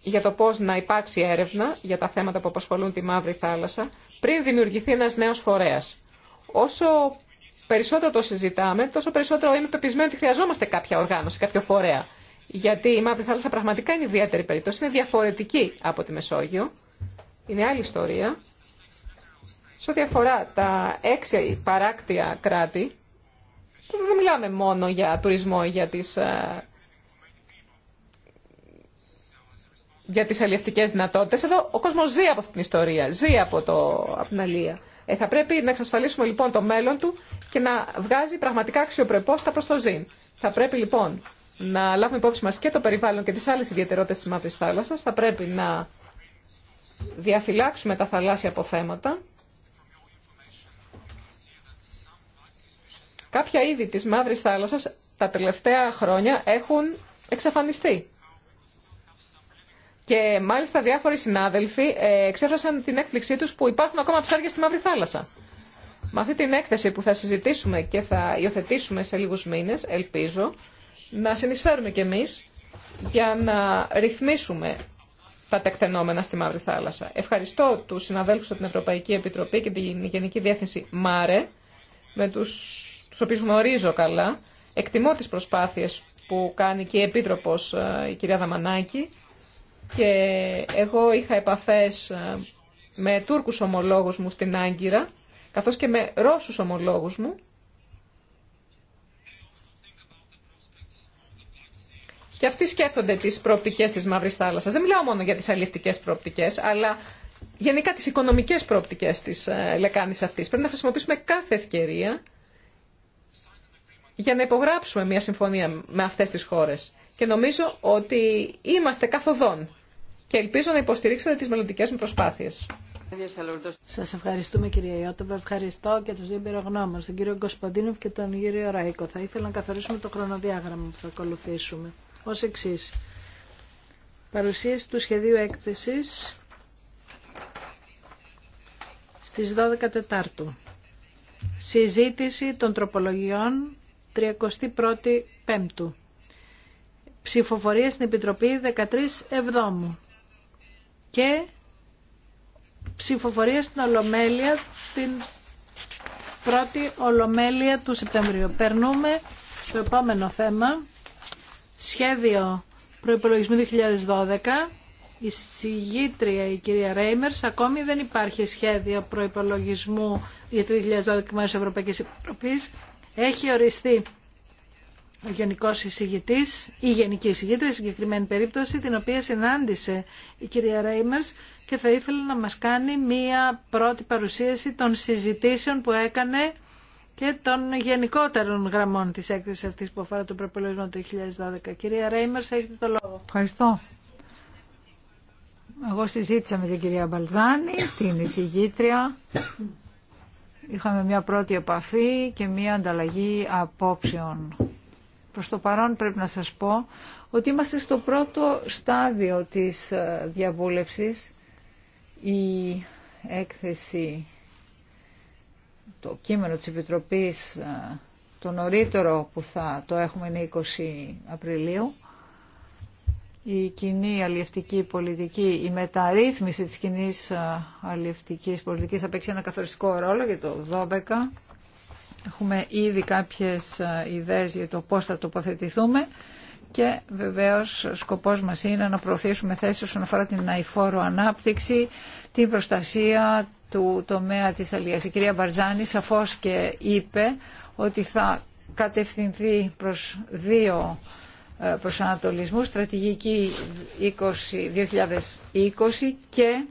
για το πώς να υπάρξει έρευνα για τα θέματα που απασχολούν τη Μαύρη Θάλασσα πριν δημιουργηθεί ένας νέος φορέας. Όσο περισσότερο το συζητάμε, τόσο περισσότερο είμαι πεπισμένο ότι χρειαζόμαστε κάποια οργάνωση, κάποιο φορέα. Γιατί η Μαύρη Θάλασσα πραγματικά είναι ιδιαίτερη περίπτωση. Είναι διαφορετική από τη Μεσόγειο. Είναι άλλη ιστορία. Σε ό,τι αφορά τα έξι παράκτια κράτη, δεν μιλάμε μόνο για τουρισμό, για τις, ε, για τις αλληλευτικές δυνατότητες. Εδώ ο κόσμος ζει από αυτή την ιστορία, ζει από, το, από την αλληλεία. Ε, θα πρέπει να εξασφαλίσουμε λοιπόν το μέλλον του και να βγάζει πραγματικά αξιοπρεπόστα προς το ζήν. Θα πρέπει λοιπόν να λάβουμε υπόψη μας και το περιβάλλον και τις άλλες ιδιαιτερότητες της Μαύρης Θάλασσας. Θα πρέπει να διαφυλάξουμε τα θαλάσσια αποθέματα. Κάποια είδη της Μαύρης Θάλασσας τα τελευταία χρόνια έχουν εξαφανιστεί. Και μάλιστα διάφοροι συνάδελφοι ε, εξέφρασαν την έκπληξή τους που υπάρχουν ακόμα ψάρια στη Μαύρη Θάλασσα. Με αυτή την έκθεση που θα συζητήσουμε και θα υιοθετήσουμε σε λίγους μήνες, ελπίζω, να συνεισφέρουμε κι εμείς για να ρυθμίσουμε τα τεκτενόμενα στη Μαύρη Θάλασσα. Ευχαριστώ τους συναδέλφους από την Ευρωπαϊκή Επιτροπή και την Γενική Διεύθυνση ΜΑΡΕ, με τους, τους οποίους γνωρίζω καλά. Εκτιμώ τις προσπάθειες που κάνει και η Επίτροπος ε, η κυρία Δαμανάκη και εγώ είχα επαφές ε, με Τούρκους ομολόγους μου στην Άγκυρα καθώς και με Ρώσους ομολόγους μου Και αυτοί σκέφτονται τι προοπτικέ τη Μαύρη Θάλασσα. Δεν μιλάω μόνο για τι αλληλευτικέ προοπτικέ, αλλά γενικά τι οικονομικέ προοπτικέ τη ε, λεκάνη αυτή. Πρέπει να χρησιμοποιήσουμε κάθε ευκαιρία για να υπογράψουμε μια συμφωνία με αυτέ τι χώρε. Και νομίζω ότι είμαστε καθοδόν και ελπίζω να υποστηρίξετε τι μελλοντικέ μου προσπάθειες. Σα ευχαριστούμε κυρία Ιώτοβα. Ευχαριστώ και του δύο πυρογνώμους, τον κύριο Κοσποντίνοφ και τον κύριο Ραίκο. Θα ήθελα να καθορίσουμε το χρονοδιάγραμμα που θα ακολουθήσουμε ως εξής. Παρουσίαση του σχεδίου έκθεσης στις 12 Τετάρτου. Συζήτηση των τροπολογιών 31 Πέμπτου. Ψηφοφορία στην Επιτροπή 13 Εβδόμου. Και ψηφοφορία στην Ολομέλεια την πρώτη Ολομέλεια του Σεπτεμβρίου. Περνούμε στο επόμενο θέμα σχέδιο προϋπολογισμού 2012. Η συγγήτρια, η κυρία Ρέιμερς, ακόμη δεν υπάρχει σχέδιο προϋπολογισμού για το 2012 μέσω Ευρωπαϊκής Επιτροπής. Έχει οριστεί ο γενικός εισηγητής ή γενική εισηγήτρια, σε συγκεκριμένη περίπτωση, την οποία συνάντησε η κυρία Ρέιμερς και θα ήθελε να μας κάνει μία πρώτη παρουσίαση των συζητήσεων που έκανε και των γενικότερων γραμμών της έκθεσης αυτής που αφορά τον προπολογισμό του 2012. Κυρία Ρέιμερς, έχετε το λόγο. Ευχαριστώ. Εγώ συζήτησα με την κυρία Μπαλζάνη, την εισηγήτρια. Είχαμε μια πρώτη επαφή και μια ανταλλαγή απόψεων. Προς το παρόν πρέπει να σας πω ότι είμαστε στο πρώτο στάδιο της ε, διαβούλευσης. Η έκθεση το κείμενο της Επιτροπής ε, το νωρίτερο που θα το έχουμε είναι 20 Απριλίου. Η κοινή αλλιευτική πολιτική, η μεταρρύθμιση της κοινή ε, αλλιευτικής πολιτικής θα παίξει ένα καθοριστικό ρόλο για το 12. Έχουμε ήδη κάποιες ε, ιδέες για το πώς θα τοποθετηθούμε και βεβαίως σκοπός μας είναι να προωθήσουμε θέσεις όσον αφορά την αηφόρο ανάπτυξη, την προστασία του τομέα της Αλίας. Η κυρία Μπαρζάνη σαφώς και είπε ότι θα κατευθυνθεί προς δύο ε, προσανατολισμούς, στρατηγική 2020 και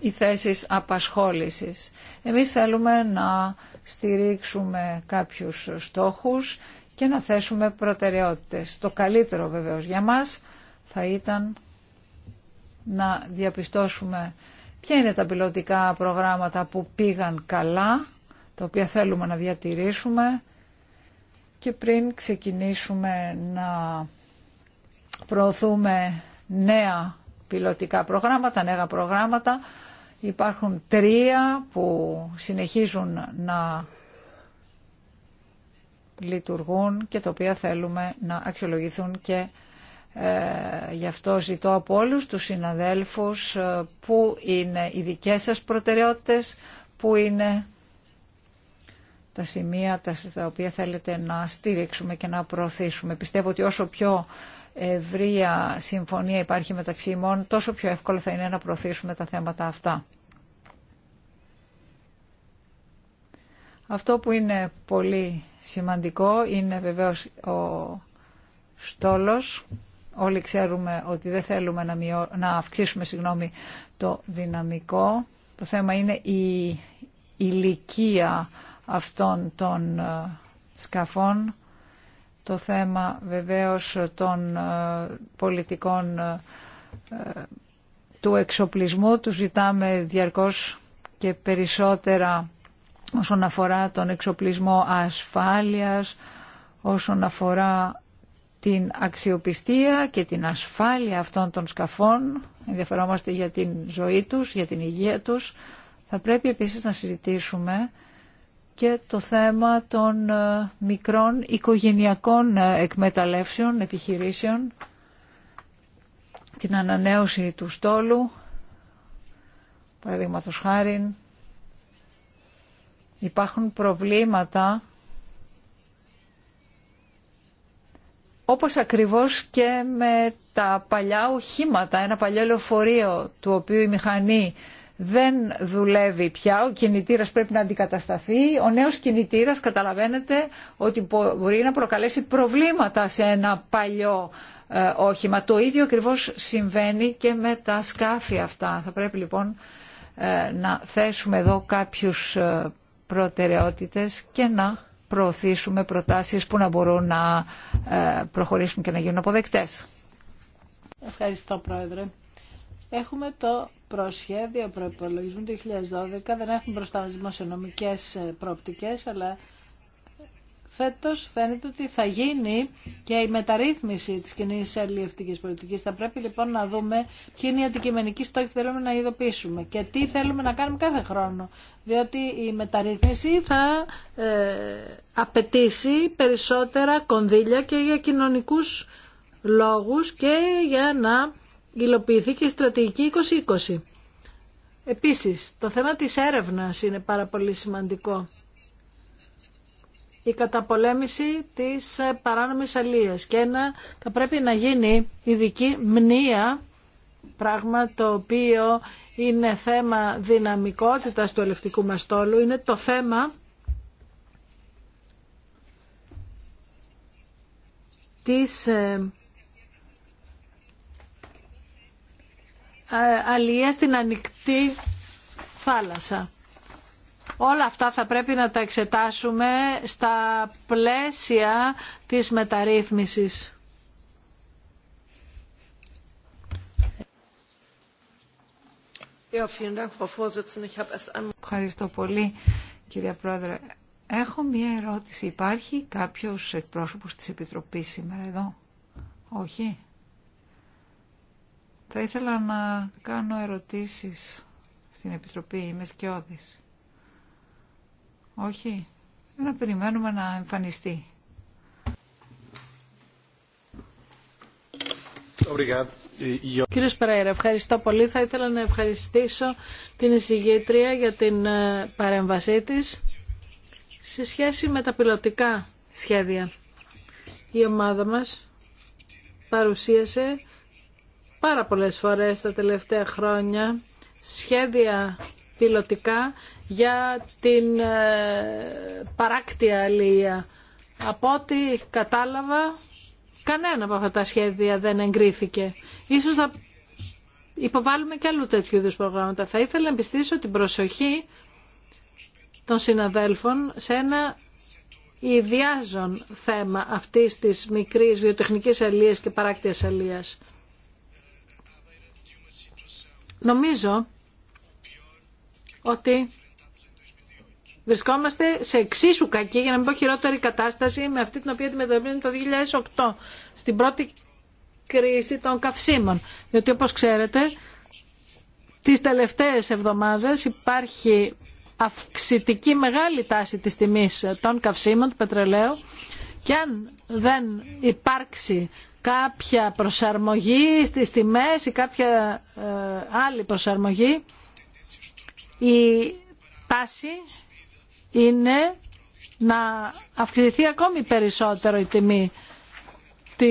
οι θέσεις απασχόλησης. Εμείς θέλουμε να στηρίξουμε κάποιους στόχους και να θέσουμε προτεραιότητες. Το καλύτερο βεβαίως για μας θα ήταν να διαπιστώσουμε Ποια είναι τα πιλωτικά προγράμματα που πήγαν καλά, τα οποία θέλουμε να διατηρήσουμε και πριν ξεκινήσουμε να προωθούμε νέα πιλωτικά προγράμματα, νέα προγράμματα, υπάρχουν τρία που συνεχίζουν να λειτουργούν και τα οποία θέλουμε να αξιολογηθούν και ε, γι' αυτό ζητώ από όλους τους συναδέλφους ε, που είναι οι δικές σας προτεραιότητες, που είναι τα σημεία τα οποία θέλετε να στήριξουμε και να προωθήσουμε. Πιστεύω ότι όσο πιο ευρεία συμφωνία υπάρχει μεταξύ ημών, τόσο πιο εύκολο θα είναι να προωθήσουμε τα θέματα αυτά. Αυτό που είναι πολύ σημαντικό είναι βεβαίως ο στόλος Όλοι ξέρουμε ότι δεν θέλουμε να, να αυξήσουμε συγγνώμη, το δυναμικό. Το θέμα είναι η ηλικία αυτών των ε, σκαφών. Το θέμα βεβαίως των ε, πολιτικών ε, του εξοπλισμού. Του ζητάμε διαρκώς και περισσότερα όσον αφορά τον εξοπλισμό ασφάλειας, όσον αφορά την αξιοπιστία και την ασφάλεια αυτών των σκαφών, ενδιαφερόμαστε για την ζωή τους, για την υγεία τους, θα πρέπει επίσης να συζητήσουμε και το θέμα των ε, μικρών οικογενειακών ε, εκμεταλλεύσεων, επιχειρήσεων, την ανανέωση του στόλου, παραδείγματος χάριν. υπάρχουν προβλήματα όπως ακριβώς και με τα παλιά οχήματα, ένα παλιό λεωφορείο του οποίου η μηχανή δεν δουλεύει πια, ο κινητήρας πρέπει να αντικατασταθεί, ο νέος κινητήρας καταλαβαίνετε ότι μπορεί να προκαλέσει προβλήματα σε ένα παλιό ε, όχημα. Το ίδιο ακριβώς συμβαίνει και με τα σκάφη αυτά. Θα πρέπει λοιπόν ε, να θέσουμε εδώ κάποιους ε, προτεραιότητες και να προωθήσουμε προτάσεις που να μπορούν να ε, προχωρήσουν και να γίνουν αποδεκτές. Ευχαριστώ Πρόεδρε. Έχουμε το προσχέδιο προπολογισμού 2012. Δεν έχουμε μπροστά μας δημοσιονομικές ε, προοπτικές, αλλά φέτος φαίνεται ότι θα γίνει και η μεταρρύθμιση της κοινή αλληλευτικής πολιτικής. Θα πρέπει λοιπόν να δούμε ποιοι είναι οι αντικειμενικοί στόχοι που θέλουμε να ειδοποιήσουμε και τι θέλουμε να κάνουμε κάθε χρόνο. Διότι η μεταρρύθμιση θα ε, απαιτήσει περισσότερα κονδύλια και για κοινωνικούς λόγους και για να υλοποιηθεί και η στρατηγική 2020. Επίσης, το θέμα της έρευνας είναι πάρα πολύ σημαντικό η καταπολέμηση της ε, παράνομης αλίας και ένα, θα πρέπει να γίνει ειδική μνήα, πράγμα το οποίο είναι θέμα δυναμικότητας του ελευτικού μας τόλου, είναι το θέμα της ε, ε, αλίας στην ανοιχτή θάλασσα. Όλα αυτά θα πρέπει να τα εξετάσουμε στα πλαίσια της μεταρρύθμισης. Ευχαριστώ πολύ, κυρία Πρόεδρε. Έχω μία ερώτηση. Υπάρχει κάποιος εκπρόσωπος της Επιτροπής σήμερα εδώ? Όχι. Θα ήθελα να κάνω ερωτήσεις στην Επιτροπή. Είμαι σκιώδης. Όχι. Να περιμένουμε να εμφανιστεί. Κύριε Σπρέιρα, ευχαριστώ πολύ. Θα ήθελα να ευχαριστήσω την εισηγήτρια για την ε, παρέμβασή της σε σχέση με τα πιλωτικά σχέδια. Η ομάδα μας παρουσίασε πάρα πολλές φορές τα τελευταία χρόνια σχέδια πιλωτικά για την ε, παράκτια αλληλεία. Από ό,τι κατάλαβα, κανένα από αυτά τα σχέδια δεν εγκρίθηκε. Ίσως θα υποβάλουμε και άλλου τέτοιου είδους προγράμματα. Θα ήθελα να πιστήσω την προσοχή των συναδέλφων σε ένα ιδιάζον θέμα αυτής της μικρής βιοτεχνικής αλίας και παράκτιας αλίας. Νομίζω ότι Βρισκόμαστε σε εξίσου κακή, για να μην πω χειρότερη κατάσταση, με αυτή την οποία αντιμετωπίζουμε το 2008, στην πρώτη κρίση των καυσίμων. Διότι, όπως ξέρετε, τις τελευταίες εβδομάδες υπάρχει αυξητική μεγάλη τάση της τιμής των καυσίμων, του πετρελαίου, και αν δεν υπάρξει κάποια προσαρμογή στις τιμές ή κάποια ε, άλλη προσαρμογή, η τάση είναι να αυξηθεί ακόμη περισσότερο η τιμή τη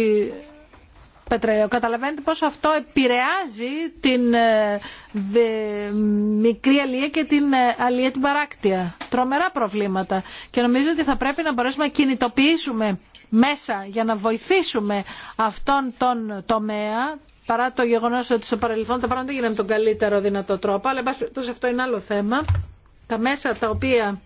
πετρελαίου. Καταλαβαίνετε πόσο αυτό επηρεάζει την ε, μικρή αλία και την ε, αλία την παράκτεια. Τρομερά προβλήματα. Και νομίζω ότι θα πρέπει να μπορέσουμε να κινητοποιήσουμε μέσα για να βοηθήσουμε αυτόν τον τομέα παρά το γεγονός ότι στο παρελθόν τα πράγματα γίνανε τον καλύτερο δυνατό τρόπο αλλά σε αυτό είναι άλλο θέμα τα μέσα τα οποία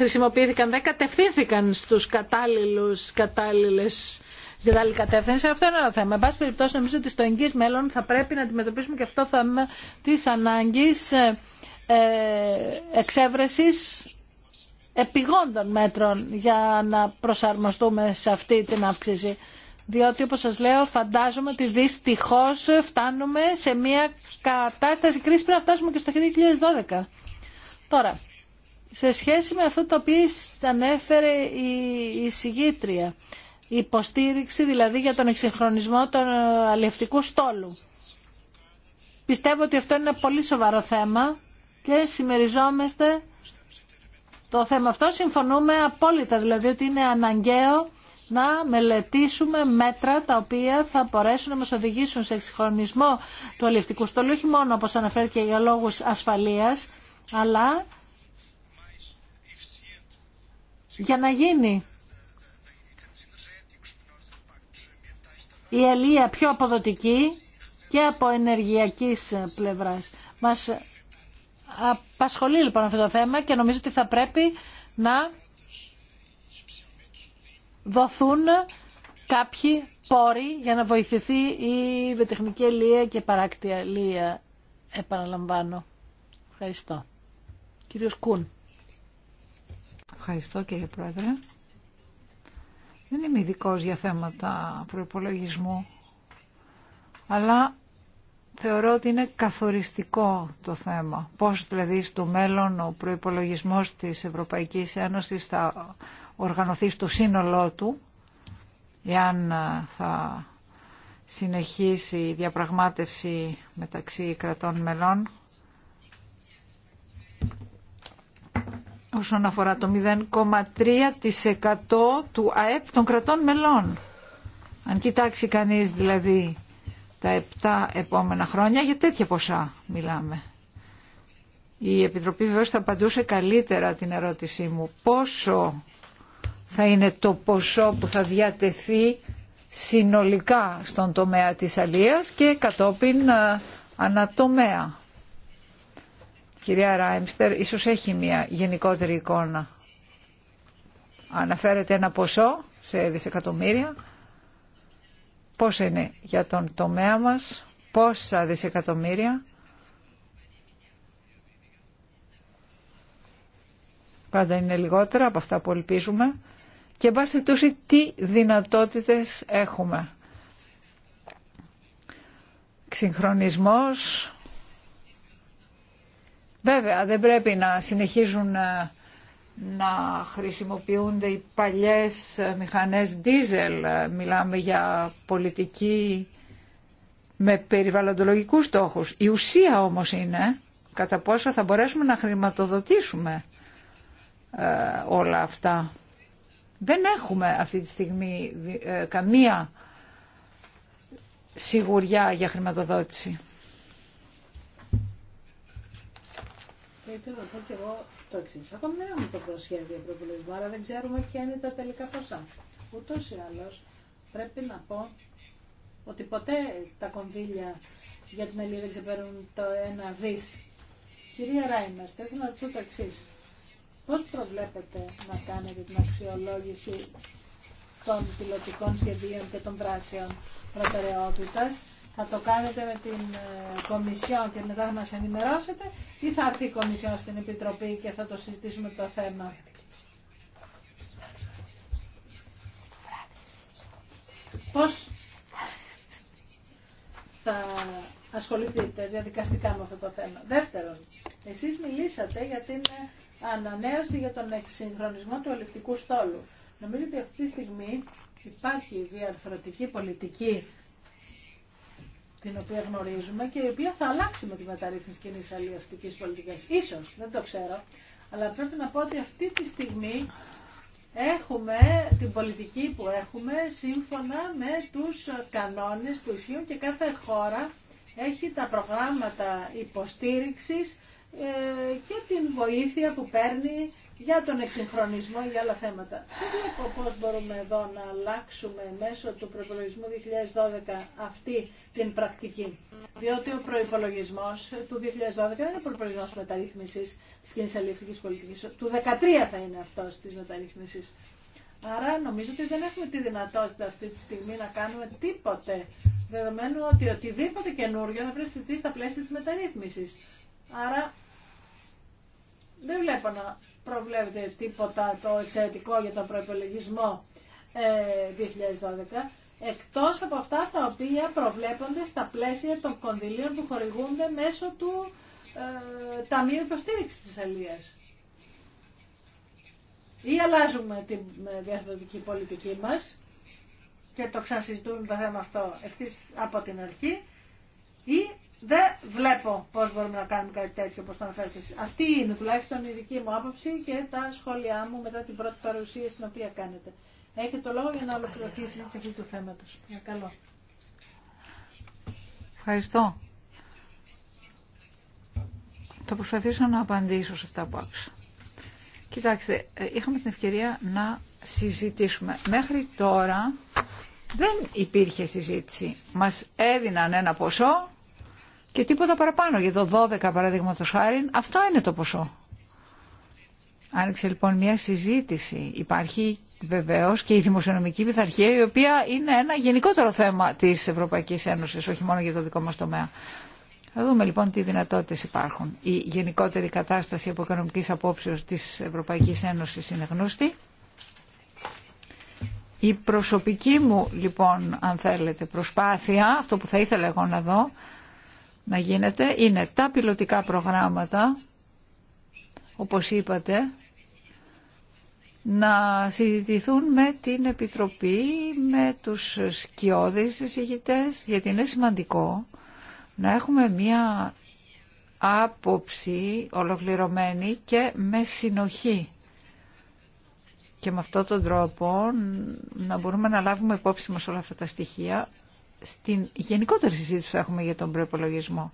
χρησιμοποιήθηκαν δεν κατευθύνθηκαν στους κατάλληλους, κατάλληλες για άλλη κατεύθυνση. Αυτό είναι ένα θέμα. Εν πάση περιπτώσει, νομίζω ότι στο εγγύ μέλλον θα πρέπει να αντιμετωπίσουμε και αυτό θέμα τη ανάγκη ε, ε, εξέβρεση επιγόντων μέτρων για να προσαρμοστούμε σε αυτή την αύξηση. Διότι, όπως σας λέω, φαντάζομαι ότι δυστυχώς φτάνουμε σε μια κατάσταση κρίση πριν να φτάσουμε και στο 2012. Τώρα, σε σχέση με αυτό το οποίο ανέφερε η συγγήτρια. Η υποστήριξη δηλαδή για τον εξυγχρονισμό του ε, αλληλευτικού στόλου. Πιστεύω ότι αυτό είναι ένα πολύ σοβαρό θέμα και συμμεριζόμαστε το θέμα αυτό. Συμφωνούμε απόλυτα δηλαδή ότι είναι αναγκαίο να μελετήσουμε μέτρα τα οποία θα μπορέσουν να μας οδηγήσουν σε εξυγχρονισμό του αλληλευτικού στόλου, όχι μόνο όπως αναφέρθηκε για λόγους ασφαλείας, αλλά για να γίνει η ελία πιο αποδοτική και από ενεργειακής πλευράς. Μας απασχολεί λοιπόν αυτό το θέμα και νομίζω ότι θα πρέπει να δοθούν κάποιοι πόροι για να βοηθηθεί η βιοτεχνική ελία και παράκτια ελία Επαναλαμβάνω. Ευχαριστώ. Κύριος Κούν. Ευχαριστώ κύριε Πρόεδρε. Δεν είμαι ειδικό για θέματα προπολογισμού, αλλά θεωρώ ότι είναι καθοριστικό το θέμα. Πώς δηλαδή στο μέλλον ο προϋπολογισμός της Ευρωπαϊκής Ένωσης θα οργανωθεί στο σύνολό του, εάν ε, θα συνεχίσει η διαπραγμάτευση μεταξύ κρατών μελών όσον αφορά το 0,3% του ΑΕΠ των κρατών μελών. Αν κοιτάξει κανείς δηλαδή τα 7 επόμενα χρόνια, για τέτοια ποσά μιλάμε. Η Επιτροπή βεβαίως θα απαντούσε καλύτερα την ερώτησή μου. Πόσο θα είναι το ποσό που θα διατεθεί συνολικά στον τομέα της αλίας και κατόπιν ε, ανατομέα κυρία Ράιμστερ ίσως έχει μια γενικότερη εικόνα. Αναφέρεται ένα ποσό σε δισεκατομμύρια. Πώς είναι για τον τομέα μας, πόσα δισεκατομμύρια. Πάντα είναι λιγότερα από αυτά που ελπίζουμε. Και βάσει τι δυνατότητες έχουμε. Ξυγχρονισμός, Βέβαια, δεν πρέπει να συνεχίζουν ε, να χρησιμοποιούνται οι παλιές ε, μηχανές δίζελ. Ε, μιλάμε για πολιτική με περιβαλλοντολογικούς στόχους. Η ουσία όμως είναι κατά πόσο θα μπορέσουμε να χρηματοδοτήσουμε όλα αυτά. Δεν έχουμε αυτή τη στιγμή καμία σιγουριά για χρηματοδότηση. θα ήθελα να πω και εγώ το εξή. Ακόμη δεν έχουμε το προσχέδιο προπολογισμού, αλλά δεν ξέρουμε ποια είναι τα τελικά ποσά. Ούτω ή άλλω πρέπει να πω ότι ποτέ τα κονδύλια για την Ελλήνη δεν ξεπέρνουν το ένα δι. Κυρία Ράιμερ, θέλω να ρωτήσω το εξή. Πώ προβλέπετε να κάνετε την αξιολόγηση των πιλωτικών σχεδίων και των δράσεων προτεραιότητα θα το κάνετε με την ε, Κομισιόν και μετά θα μας ενημερώσετε ή θα έρθει η Κομισιόν στην Επιτροπή και θα το συζητήσουμε το θέμα. Πώς θα ασχοληθείτε διαδικαστικά με αυτό το θέμα. Δεύτερον, εσείς μιλήσατε για την ε, ανανέωση για τον εξυγχρονισμό του ολυφτικού στόλου. Νομίζω ότι αυτή τη στιγμή υπάρχει διαρθρωτική πολιτική την οποία γνωρίζουμε και η οποία θα αλλάξει με τη μεταρρύθμιση κοινή αλληλευτική πολιτική. Ίσως, δεν το ξέρω, αλλά πρέπει να πω ότι αυτή τη στιγμή έχουμε την πολιτική που έχουμε σύμφωνα με τους κανόνες που ισχύουν και κάθε χώρα έχει τα προγράμματα υποστήριξης ε, και την βοήθεια που παίρνει για τον εξυγχρονισμό για άλλα θέματα. Δεν βλέπω πώ μπορούμε εδώ να αλλάξουμε μέσω του προπολογισμού 2012 αυτή την πρακτική. Διότι ο προπολογισμό του 2012 δεν είναι προπολογισμό μεταρρύθμιση τη κοινή αλληλευτικής πολιτική. Του 2013 θα είναι αυτό τη μεταρρύθμιση. Άρα νομίζω ότι δεν έχουμε τη δυνατότητα αυτή τη στιγμή να κάνουμε τίποτε, δεδομένου ότι οτιδήποτε καινούριο θα πρέπει στα πλαίσια τη μεταρρύθμιση. Άρα δεν βλέπω να προβλέπεται τίποτα το εξαιρετικό για τον προπολογισμό 2012, ε, εκτός από αυτά τα οποία προβλέπονται στα πλαίσια των κονδυλίων που χορηγούνται μέσω του ε, Ταμείου Υποστήριξης της Αλίας. Ή αλλάζουμε τη ε, διαθετική πολιτική μας και το ξανασυζητούμε το θέμα αυτό ευθύς από την αρχή ή δεν βλέπω πώ μπορούμε να κάνουμε κάτι τέτοιο όπω το αναφέρετε Αυτή είναι τουλάχιστον η δική μου άποψη και τα σχόλιά μου μετά την πρώτη παρουσία στην οποία κάνετε. Έχετε το λόγο για να ολοκληρωθεί η συζήτηση του θέματο. Ευχαριστώ. Θα προσπαθήσω να απαντήσω σε αυτά που άκουσα. Κοιτάξτε, ε, είχαμε την ευκαιρία να συζητήσουμε. Μέχρι τώρα δεν υπήρχε συζήτηση. Μας έδιναν ένα ποσό και τίποτα παραπάνω. Για το 12 παραδείγματο χάρη αυτό είναι το ποσό. Άνοιξε λοιπόν μια συζήτηση. Υπάρχει βεβαίω και η δημοσιονομική πειθαρχία η οποία είναι ένα γενικότερο θέμα τη Ευρωπαϊκή Ένωση, όχι μόνο για το δικό μα τομέα. Θα δούμε λοιπόν τι δυνατότητε υπάρχουν. Η γενικότερη κατάσταση από οικονομική απόψεω τη Ευρωπαϊκή Ένωση είναι γνώστη. Η προσωπική μου λοιπόν, αν θέλετε, προσπάθεια, αυτό που θα ήθελα εγώ να δω, να γίνεται είναι τα πιλωτικά προγράμματα, όπως είπατε, να συζητηθούν με την Επιτροπή, με τους σκιώδεις εισηγητές, γιατί είναι σημαντικό να έχουμε μία άποψη ολοκληρωμένη και με συνοχή. Και με αυτόν τον τρόπο να μπορούμε να λάβουμε υπόψη μας όλα αυτά τα στοιχεία στην γενικότερη συζήτηση που έχουμε για τον προπολογισμό.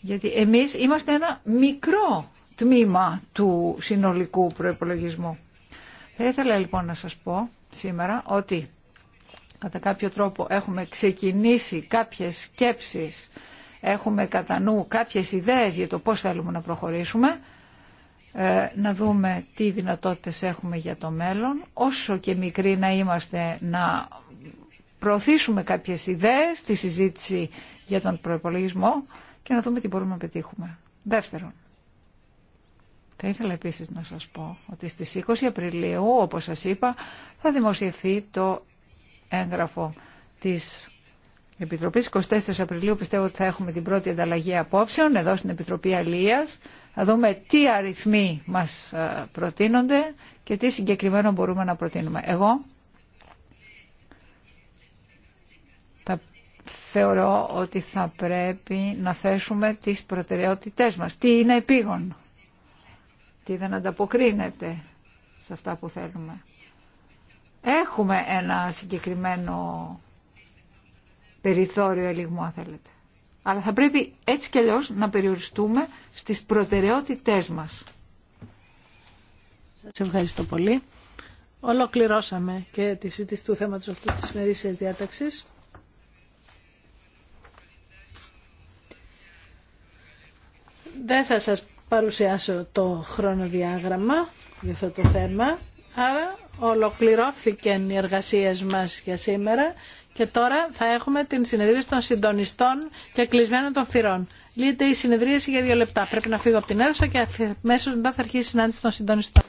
Γιατί εμείς είμαστε ένα μικρό τμήμα του συνολικού προπολογισμού. Θα ήθελα λοιπόν να σας πω σήμερα ότι κατά κάποιο τρόπο έχουμε ξεκινήσει κάποιες σκέψεις, έχουμε κατά νου κάποιες ιδέες για το πώς θέλουμε να προχωρήσουμε, ε, να δούμε τι δυνατότητες έχουμε για το μέλλον, όσο και μικροί να είμαστε να προωθήσουμε κάποιες ιδέες στη συζήτηση για τον προπολογισμό και να δούμε τι μπορούμε να πετύχουμε. Δεύτερον, θα ήθελα επίσης να σας πω ότι στις 20 Απριλίου, όπως σας είπα, θα δημοσιευθεί το έγγραφο της Επιτροπής. 24 Απριλίου πιστεύω ότι θα έχουμε την πρώτη ανταλλαγή απόψεων εδώ στην Επιτροπή Αλίας. Θα δούμε τι αριθμοί μας ε, προτείνονται και τι συγκεκριμένο μπορούμε να προτείνουμε. Εγώ θεωρώ ότι θα πρέπει να θέσουμε τις προτεραιότητές μας. Τι είναι επίγον, τι δεν ανταποκρίνεται σε αυτά που θέλουμε. Έχουμε ένα συγκεκριμένο περιθώριο ελιγμού, αν θέλετε. Αλλά θα πρέπει έτσι κι αλλιώς να περιοριστούμε στις προτεραιότητές μας. Σας ευχαριστώ πολύ. Ολοκληρώσαμε και τη συζήτηση του θέματος αυτού της Δεν θα σας παρουσιάσω το χρονοδιάγραμμα για αυτό το θέμα. Άρα ολοκληρώθηκαν οι εργασίες μας για σήμερα και τώρα θα έχουμε την συνεδρίαση των συντονιστών και κλεισμένων των θυρών. Λύεται η συνεδρίαση για δύο λεπτά. Πρέπει να φύγω από την αίθουσα και αμέσω μετά θα αρχίσει η συνάντηση των συντονιστών.